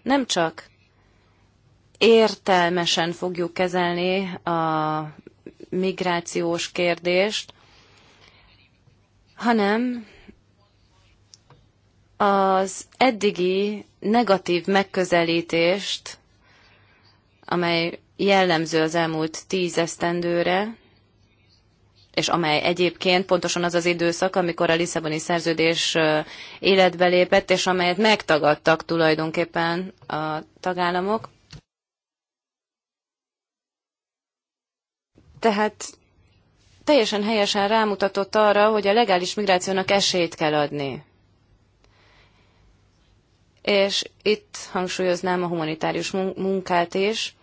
nem csak értelmesen fogjuk kezelni a migrációs kérdést, hanem az eddigi negatív megközelítést, amely jellemző az elmúlt tíz esztendőre, és amely egyébként pontosan az az időszak, amikor a Lisszaboni szerződés életbe lépett, és amelyet megtagadtak tulajdonképpen a tagállamok. Tehát teljesen helyesen rámutatott arra, hogy a legális migrációnak esélyt kell adni és itt hangsúlyoznám a humanitárius munkát is,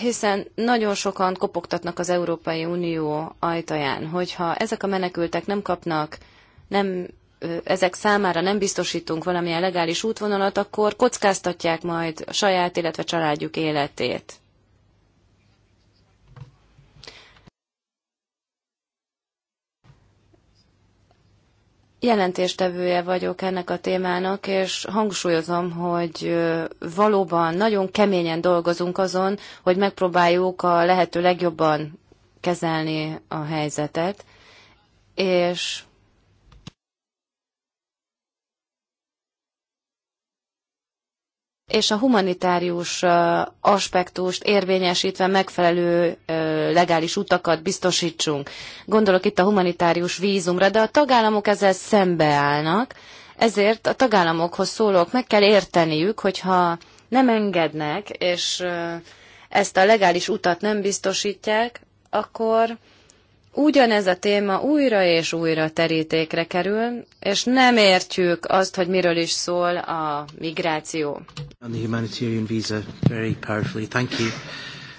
hiszen nagyon sokan kopogtatnak az Európai Unió ajtaján, hogyha ezek a menekültek nem kapnak, nem ezek számára nem biztosítunk valamilyen legális útvonalat, akkor kockáztatják majd a saját, illetve családjuk életét. jelentéstevője vagyok ennek a témának, és hangsúlyozom, hogy valóban nagyon keményen dolgozunk azon, hogy megpróbáljuk a lehető legjobban kezelni a helyzetet, és és a humanitárius aspektust érvényesítve megfelelő legális utakat biztosítsunk. Gondolok itt a humanitárius vízumra, de a tagállamok ezzel szembeállnak, ezért a tagállamokhoz szólók meg kell érteniük, hogyha nem engednek, és ezt a legális utat nem biztosítják, akkor ugyanez a téma újra és újra terítékre kerül, és nem értjük azt, hogy miről is szól a migráció. On the humanitarian visa, very powerfully, thank you.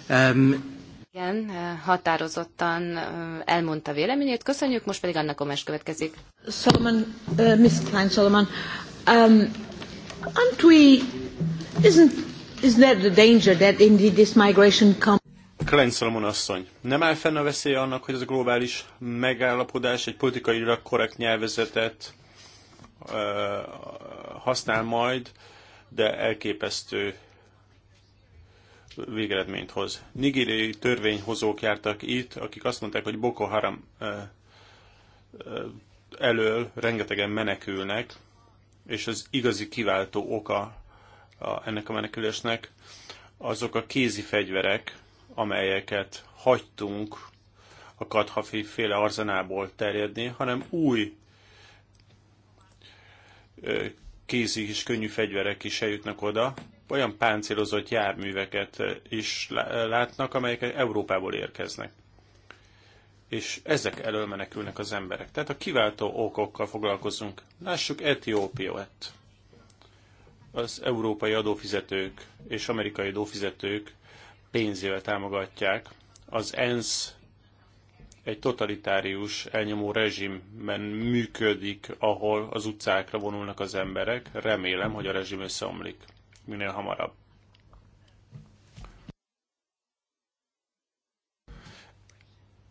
Um, igen, eh, határozottan eh, elmondta véleményét. Köszönjük, most pedig annak Komes következik. Solomon, uh, Miss Klein Solomon, um, aren't we, isn't, isn't there the danger that indeed this migration comes Klein Salomon asszony, nem áll fenn a veszélye annak, hogy ez a globális megállapodás egy politikailag korrekt nyelvezetet ö, használ majd, de elképesztő végeredményt hoz. Nigériai törvényhozók jártak itt, akik azt mondták, hogy Boko Haram ö, ö, elől rengetegen menekülnek, és az igazi kiváltó oka a, ennek a menekülésnek azok a kézi fegyverek, amelyeket hagytunk a kathafi féle arzenából terjedni, hanem új kézi és könnyű fegyverek is eljutnak oda, olyan páncélozott járműveket is látnak, amelyek Európából érkeznek. És ezek elől menekülnek az emberek. Tehát a kiváltó okokkal foglalkozunk. Lássuk Etiópiát. Az európai adófizetők és amerikai adófizetők pénzével támogatják. Az ENSZ egy totalitárius elnyomó rezsimben működik, ahol az utcákra vonulnak az emberek. Remélem, hogy a rezsim összeomlik minél hamarabb.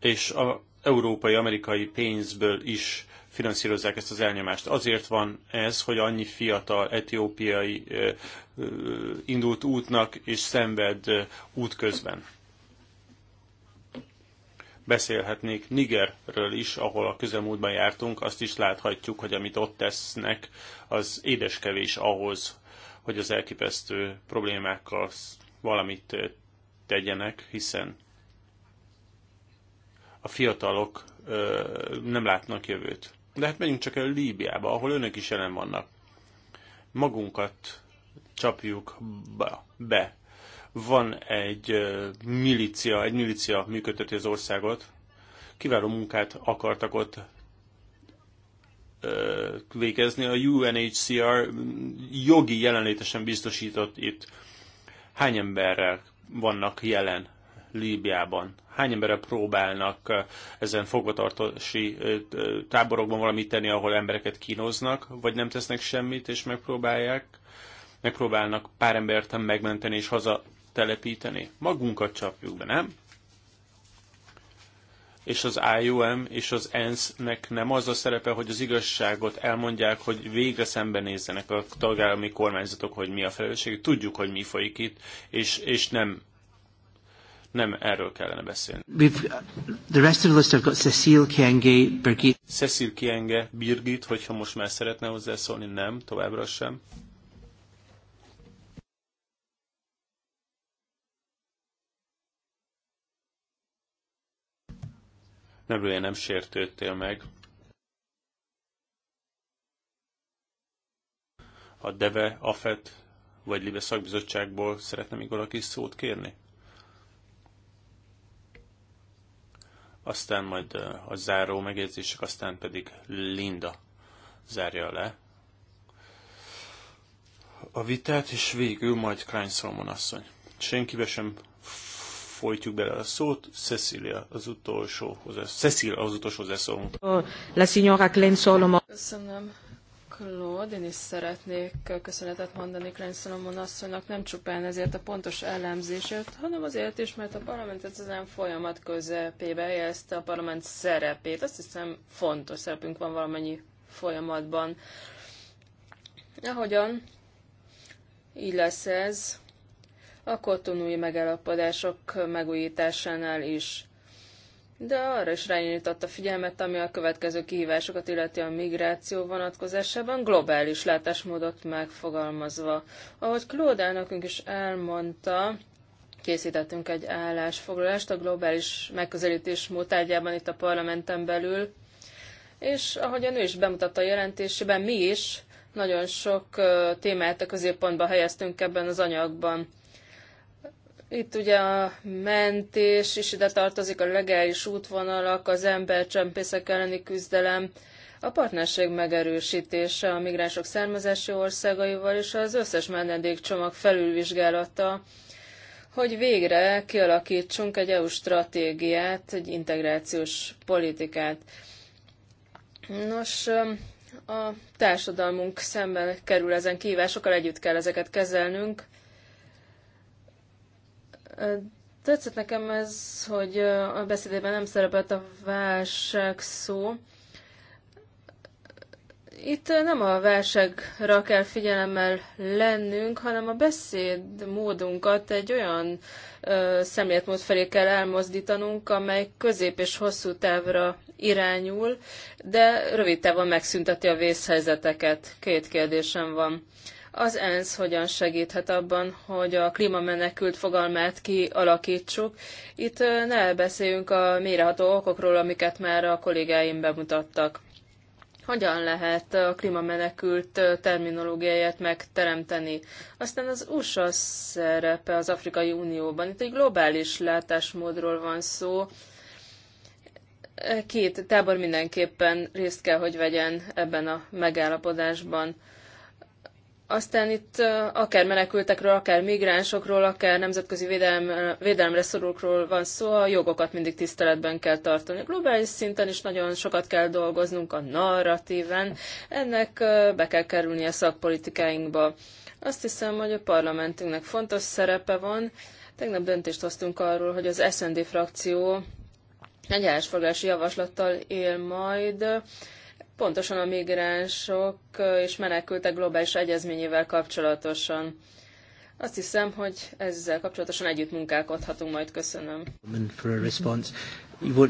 És a európai-amerikai pénzből is finanszírozzák ezt az elnyomást. Azért van ez, hogy annyi fiatal etiópiai indult útnak és szenved útközben. Beszélhetnék Nigerről is, ahol a közelmúltban jártunk, azt is láthatjuk, hogy amit ott tesznek, az édeskevés ahhoz, hogy az elképesztő problémákkal valamit tegyenek, hiszen a fiatalok ö, nem látnak jövőt. De hát menjünk csak el Líbiába, ahol önök is jelen vannak. Magunkat csapjuk be. Van egy milícia, egy milícia működteti az országot. Kiváló munkát akartak ott végezni. A UNHCR jogi jelenlétesen biztosított itt. Hány emberrel vannak jelen Líbiában? Hány emberre próbálnak ezen fogvatartási táborokban valamit tenni, ahol embereket kínoznak, vagy nem tesznek semmit, és megpróbálják, megpróbálnak pár embert megmenteni és haza telepíteni? Magunkat csapjuk be, nem? és az IOM és az ENSZ-nek nem az a szerepe, hogy az igazságot elmondják, hogy végre szembenézzenek a tagállami kormányzatok, hogy mi a felelősség. Tudjuk, hogy mi folyik itt, és, és nem nem erről kellene beszélni. Uh, the rest of the list I've got Cecil Kienge, Birgit. Cecil Kienge, Birgit, hogyha most már szeretne hozzászólni, nem, továbbra sem. Remélem nem sértődtél meg. A DEVE, AFET vagy LIBE szakbizottságból szeretne még valaki szót kérni? aztán majd a záró megjegyzések, aztán pedig Linda zárja le a vitát, és végül majd Klein Salmon asszony. Senkibe sem folytjuk bele a szót, Cecilia az utolsó hozzá, Cecilia az utolsó hozzászólunk. La signora Klein Salomon. Köszönöm, Claude, én is szeretnék köszönetet mondani Klein Szolomon asszonynak nem csupán ezért a pontos ellenzésért, hanem azért is, mert a parlament ezen folyamat közepébe helyezte a parlament szerepét. Azt hiszem fontos szerepünk van valamennyi folyamatban. Ahogyan így lesz ez a kotonúi megállapodások megújításánál is de arra is a figyelmet, ami a következő kihívásokat illeti a migráció vonatkozásában, globális látásmódot megfogalmazva. Ahogy Claude nekünk is elmondta, készítettünk egy állásfoglalást a globális megközelítés módtárgyában itt a parlamenten belül, és ahogy a nő is bemutatta a jelentésében, mi is nagyon sok témát a középpontba helyeztünk ebben az anyagban. Itt ugye a mentés is ide tartozik, a legális útvonalak, az embercsempészek elleni küzdelem, a partnerség megerősítése a migránsok származási országaival és az összes menedékcsomag felülvizsgálata, hogy végre kialakítsunk egy EU stratégiát, egy integrációs politikát. Nos, a társadalmunk szemben kerül ezen kívásokkal, együtt kell ezeket kezelnünk, Tetszett nekem ez, hogy a beszédében nem szerepelt a válság szó. Itt nem a válságra kell figyelemmel lennünk, hanem a beszéd módunkat egy olyan ö, szemléletmód felé kell elmozdítanunk, amely közép és hosszú távra irányul, de rövid távon megszünteti a vészhelyzeteket. Két kérdésem van. Ö, az ENSZ hogyan segíthet abban, hogy a klímamenekült fogalmát kialakítsuk. Itt ne beszéljünk a méreható okokról, amiket már a kollégáim bemutattak. Hogyan lehet a klímamenekült terminológiáját megteremteni? Aztán az USA szerepe az Afrikai Unióban. Itt egy globális látásmódról van szó, két tábor mindenképpen részt kell, hogy vegyen ebben a megállapodásban. Aztán itt akár menekültekről, akár migránsokról, akár nemzetközi védelem, védelemre szorulókról van szó, a jogokat mindig tiszteletben kell tartani. Globális szinten is nagyon sokat kell dolgoznunk a narratíven, ennek be kell kerülni a szakpolitikáinkba. Azt hiszem, hogy a parlamentünknek fontos szerepe van. Tegnap döntést hoztunk arról, hogy az SND frakció egy állásfoglalási javaslattal él majd, pontosan a migránsok és menekültek globális egyezményével kapcsolatosan. Azt hiszem, hogy ezzel kapcsolatosan együtt munkálkodhatunk majd. Köszönöm. Uh,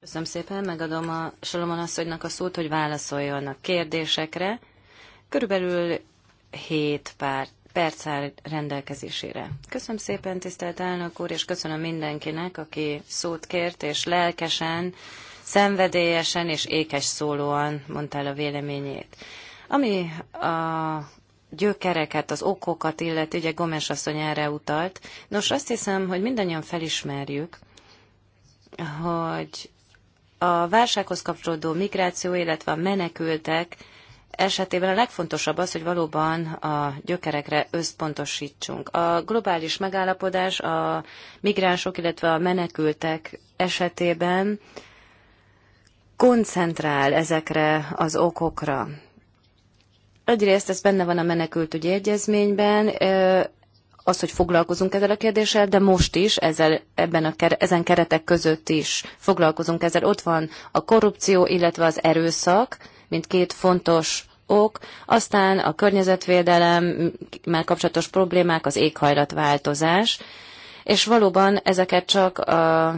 köszönöm szépen, megadom a Salomon asszonynak a szót, hogy válaszoljon a kérdésekre. Körülbelül 7 pár perc áll rendelkezésére. Köszönöm szépen, tisztelt elnök úr, és köszönöm mindenkinek, aki szót kért, és lelkesen szenvedélyesen és ékes szólóan mondta el a véleményét. Ami a gyökereket, az okokat illeti, ugye Gomes asszony erre utalt. Nos, azt hiszem, hogy mindannyian felismerjük, hogy a válsághoz kapcsolódó migráció, illetve a menekültek esetében a legfontosabb az, hogy valóban a gyökerekre összpontosítsunk. A globális megállapodás a migránsok, illetve a menekültek esetében koncentrál ezekre az okokra. Egyrészt ez benne van a menekültügyi egyezményben, az, hogy foglalkozunk ezzel a kérdéssel, de most is ezzel, ebben a, ezen keretek között is foglalkozunk ezzel. Ott van a korrupció, illetve az erőszak, mint két fontos ok, aztán a környezetvédelem, már kapcsolatos problémák, az éghajlatváltozás, változás, és valóban ezeket csak a,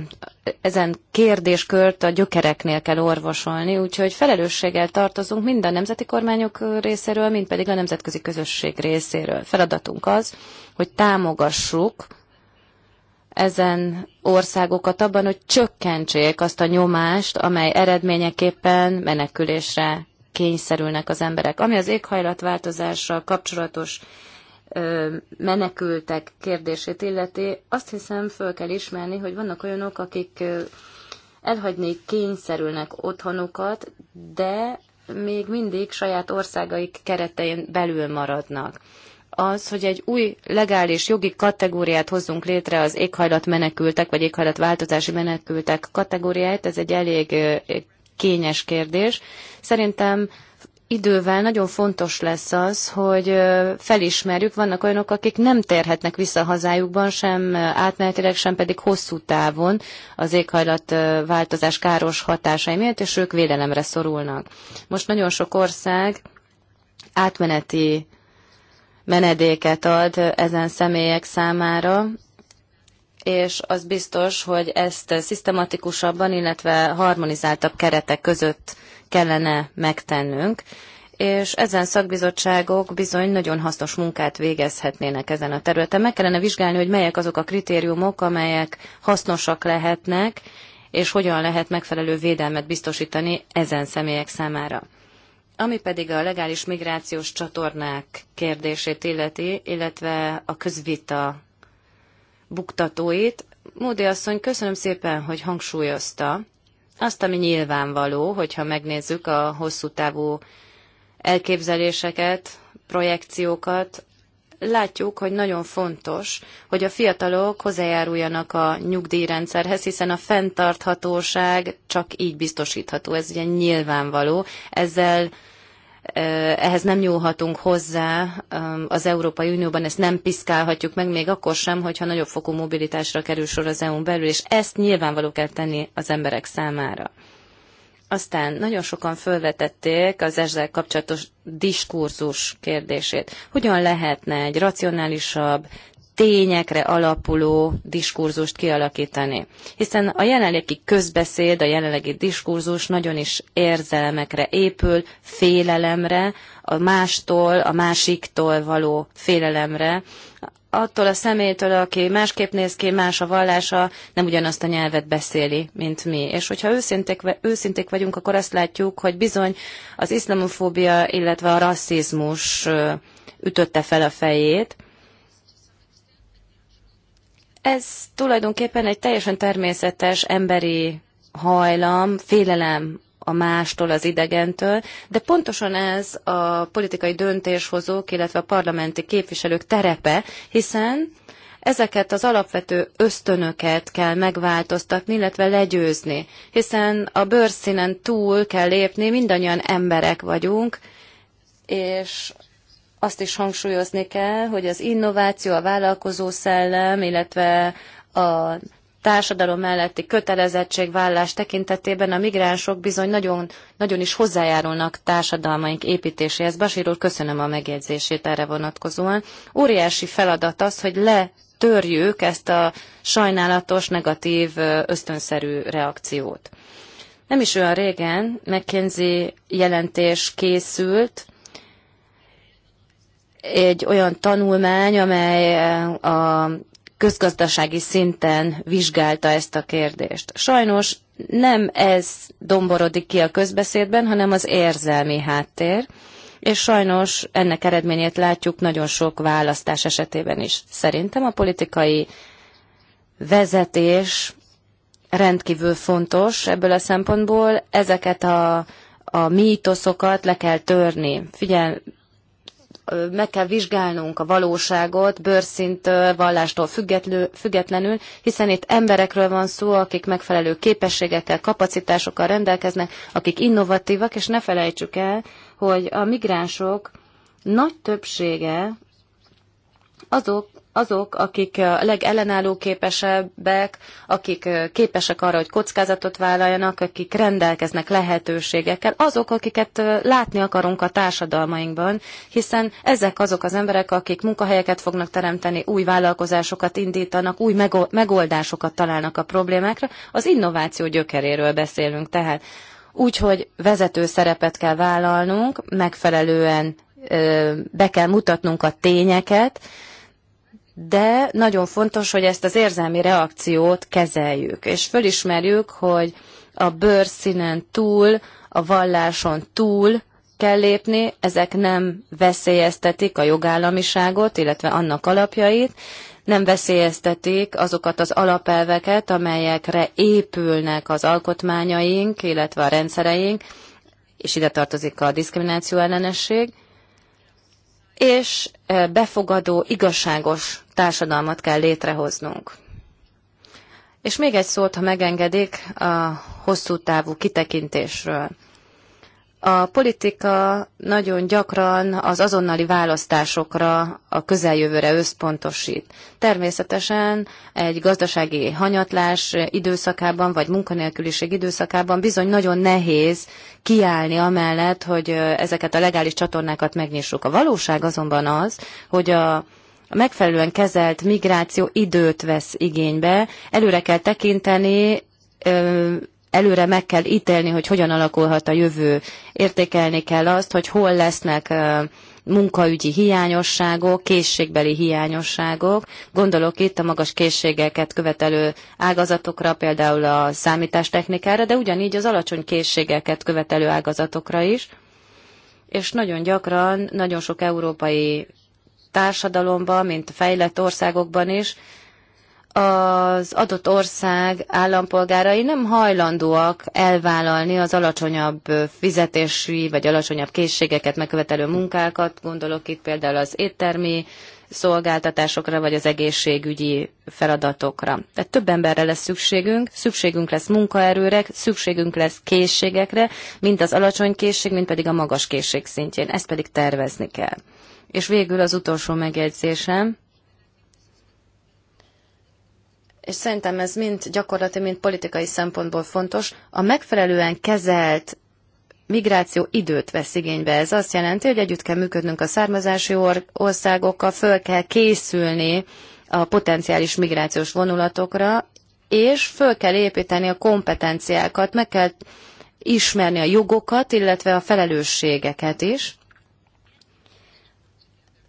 ezen kérdéskört a gyökereknél kell orvosolni, úgyhogy felelősséggel tartozunk mind a nemzeti kormányok részéről, mind pedig a nemzetközi közösség részéről. Feladatunk az, hogy támogassuk ezen országokat abban, hogy csökkentsék azt a nyomást, amely eredményeképpen menekülésre kényszerülnek az emberek. Ami az éghajlatváltozással kapcsolatos menekültek kérdését illeti, azt hiszem föl kell ismerni, hogy vannak olyanok, akik elhagyni kényszerülnek otthonukat, de még mindig saját országaik keretein belül maradnak. Az, hogy egy új legális jogi kategóriát hozzunk létre az éghajlat menekültek, vagy éghajlatváltozási menekültek kategóriáját, ez egy elég kényes kérdés. Szerintem idővel nagyon fontos lesz az, hogy felismerjük, vannak olyanok, akik nem térhetnek vissza hazájukban, sem átmenetileg, sem pedig hosszú távon az éghajlatváltozás káros hatásai miatt, és ők védelemre szorulnak. Most nagyon sok ország átmeneti menedéket ad ezen személyek számára, és az biztos, hogy ezt szisztematikusabban, illetve harmonizáltabb keretek között kellene megtennünk, és ezen szakbizottságok bizony nagyon hasznos munkát végezhetnének ezen a területen. Meg kellene vizsgálni, hogy melyek azok a kritériumok, amelyek hasznosak lehetnek, és hogyan lehet megfelelő védelmet biztosítani ezen személyek számára. Ami pedig a legális migrációs csatornák kérdését illeti, illetve a közvita buktatóit, Módi asszony, köszönöm szépen, hogy hangsúlyozta, azt, ami nyilvánvaló, hogyha megnézzük a hosszú távú elképzeléseket, projekciókat, látjuk, hogy nagyon fontos, hogy a fiatalok hozzájáruljanak a nyugdíjrendszerhez, hiszen a fenntarthatóság csak így biztosítható. Ez ugye nyilvánvaló. Ezzel ehhez nem nyúlhatunk hozzá az Európai Unióban, ezt nem piszkálhatjuk meg még akkor sem, hogyha nagyobb fokú mobilitásra kerül sor az EU-n belül, és ezt nyilvánvaló kell tenni az emberek számára. Aztán nagyon sokan felvetették az ezzel kapcsolatos diskurzus kérdését. Hogyan lehetne egy racionálisabb, tényekre alapuló diskurzust kialakítani. Hiszen a jelenlegi közbeszéd, a jelenlegi diskurzus nagyon is érzelmekre épül, félelemre, a mástól, a másiktól való félelemre, attól a személytől, aki másképp néz ki, más a vallása, nem ugyanazt a nyelvet beszéli, mint mi. És hogyha őszinték, őszinték vagyunk, akkor azt látjuk, hogy bizony az iszlamofóbia, illetve a rasszizmus ütötte fel a fejét, ez tulajdonképpen egy teljesen természetes emberi hajlam, félelem a mástól, az idegentől, de pontosan ez a politikai döntéshozók, illetve a parlamenti képviselők terepe, hiszen ezeket az alapvető ösztönöket kell megváltoztatni, illetve legyőzni, hiszen a bőrszínen túl kell lépni, mindannyian emberek vagyunk, és azt is hangsúlyozni kell, hogy az innováció, a vállalkozó szellem, illetve a társadalom melletti kötelezettségvállás tekintetében a migránsok bizony nagyon, nagyon is hozzájárulnak társadalmaink építéséhez. Basír úr, köszönöm a megjegyzését erre vonatkozóan. Óriási feladat az, hogy letörjük ezt a sajnálatos, negatív, ösztönszerű reakciót. Nem is olyan régen McKinsey jelentés készült, egy olyan tanulmány, amely eh, a közgazdasági szinten vizsgálta ezt a kérdést. Sajnos nem ez domborodik ki a közbeszédben, hanem az érzelmi háttér, és sajnos ennek eredményét látjuk nagyon sok választás esetében is. Szerintem a politikai vezetés rendkívül fontos ebből a szempontból. Ezeket a, a mítoszokat le kell törni. Figyel, meg kell vizsgálnunk a valóságot bőrszint vallástól függetlenül, hiszen itt emberekről van szó, akik megfelelő képességekkel, kapacitásokkal rendelkeznek, akik innovatívak, és ne felejtsük el, hogy a migránsok nagy többsége azok, azok, akik a eh, legellenálló képesebbek, akik eh, képesek arra, hogy kockázatot vállaljanak, akik rendelkeznek lehetőségekkel, azok, akiket eh, látni akarunk a társadalmainkban, hiszen ezek azok az emberek, akik munkahelyeket fognak teremteni, új vállalkozásokat indítanak, új megoldásokat találnak a problémákra. Az innováció gyökeréről beszélünk tehát. Úgyhogy vezető szerepet kell vállalnunk, megfelelően be kell mutatnunk a tényeket, de nagyon fontos, hogy ezt az érzelmi reakciót kezeljük, és fölismerjük, hogy a bőrszínen túl, a valláson túl kell lépni, ezek nem veszélyeztetik a jogállamiságot, illetve annak alapjait, nem veszélyeztetik azokat az alapelveket, amelyekre épülnek az alkotmányaink, illetve a rendszereink, és ide tartozik a diszkrimináció ellenesség, és eh, befogadó, igazságos társadalmat kell létrehoznunk. És még egy szót, ha megengedik, a hosszú távú kitekintésről. A politika nagyon gyakran az azonnali választásokra, a közeljövőre összpontosít. Természetesen egy gazdasági hanyatlás időszakában, vagy munkanélküliség időszakában bizony nagyon nehéz kiállni amellett, hogy ezeket a legális csatornákat megnyissuk. A valóság azonban az, hogy a a megfelelően kezelt migráció időt vesz igénybe, előre kell tekinteni, előre meg kell ítélni, hogy hogyan alakulhat a jövő. Értékelni kell azt, hogy hol lesznek munkaügyi hiányosságok, készségbeli hiányosságok. Gondolok itt a magas készségeket követelő ágazatokra, például a számítástechnikára, de ugyanígy az alacsony készségeket követelő ágazatokra is. És nagyon gyakran, nagyon sok európai társadalomban, mint fejlett országokban is, az adott ország állampolgárai nem hajlandóak elvállalni az alacsonyabb fizetési vagy alacsonyabb készségeket megkövetelő munkákat, gondolok itt például az éttermi szolgáltatásokra vagy az egészségügyi feladatokra. Tehát több emberre lesz szükségünk, szükségünk lesz munkaerőre, szükségünk lesz készségekre, mint az alacsony készség, mint pedig a magas készség szintjén. Ezt pedig tervezni kell. És végül az utolsó megjegyzésem, és szerintem ez mind gyakorlati, mind politikai szempontból fontos, a megfelelően kezelt migráció időt vesz igénybe. Ez azt jelenti, hogy együtt kell működnünk a származási országokkal, föl kell készülni a potenciális migrációs vonulatokra, és föl kell építeni a kompetenciákat, meg kell ismerni a jogokat, illetve a felelősségeket is.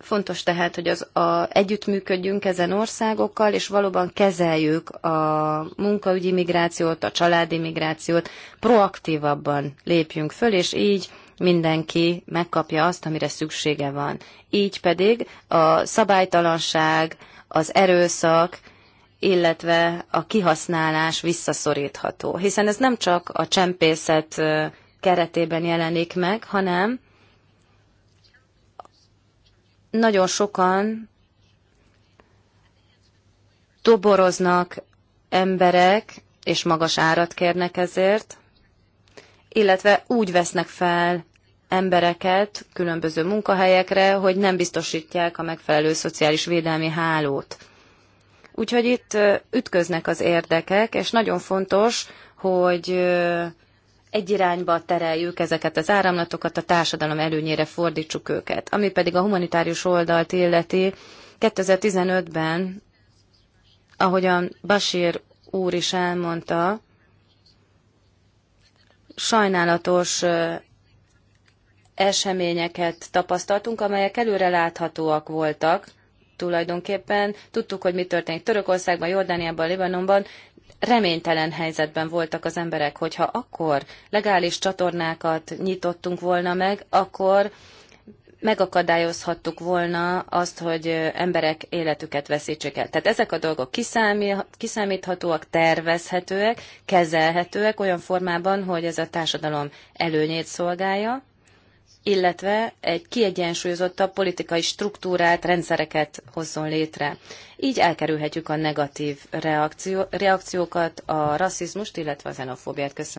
Fontos tehát, hogy az, a, együttműködjünk ezen országokkal, és valóban kezeljük a munkaügyi migrációt, a családi migrációt, proaktívabban lépjünk föl, és így mindenki megkapja azt, amire szüksége van. Így pedig a szabálytalanság, az erőszak, illetve a kihasználás visszaszorítható. Hiszen ez nem csak a csempészet keretében jelenik meg, hanem nagyon sokan toboroznak emberek, és magas árat kérnek ezért, illetve úgy vesznek fel embereket különböző munkahelyekre, hogy nem biztosítják a megfelelő szociális védelmi hálót. Úgyhogy itt ütköznek az érdekek, és nagyon fontos, hogy egy irányba tereljük ezeket az áramlatokat, a társadalom előnyére fordítsuk őket. Ami pedig a humanitárius oldalt illeti, 2015-ben, ahogyan Basír úr is elmondta, sajnálatos eseményeket tapasztaltunk, amelyek előre láthatóak voltak tulajdonképpen. Tudtuk, hogy mi történik Törökországban, Jordániában, Libanonban, reménytelen helyzetben voltak az emberek, hogyha akkor legális csatornákat nyitottunk volna meg, akkor megakadályozhattuk volna azt, hogy emberek életüket veszítsék el. Tehát ezek a dolgok kiszámíthatóak, tervezhetőek, kezelhetőek olyan formában, hogy ez a társadalom előnyét szolgálja, illetve egy kiegyensúlyozottabb politikai struktúrát, rendszereket hozzon létre. Így elkerülhetjük a negatív reakció, reakciókat, a rasszizmust, illetve a xenofóbiát. Köszönöm.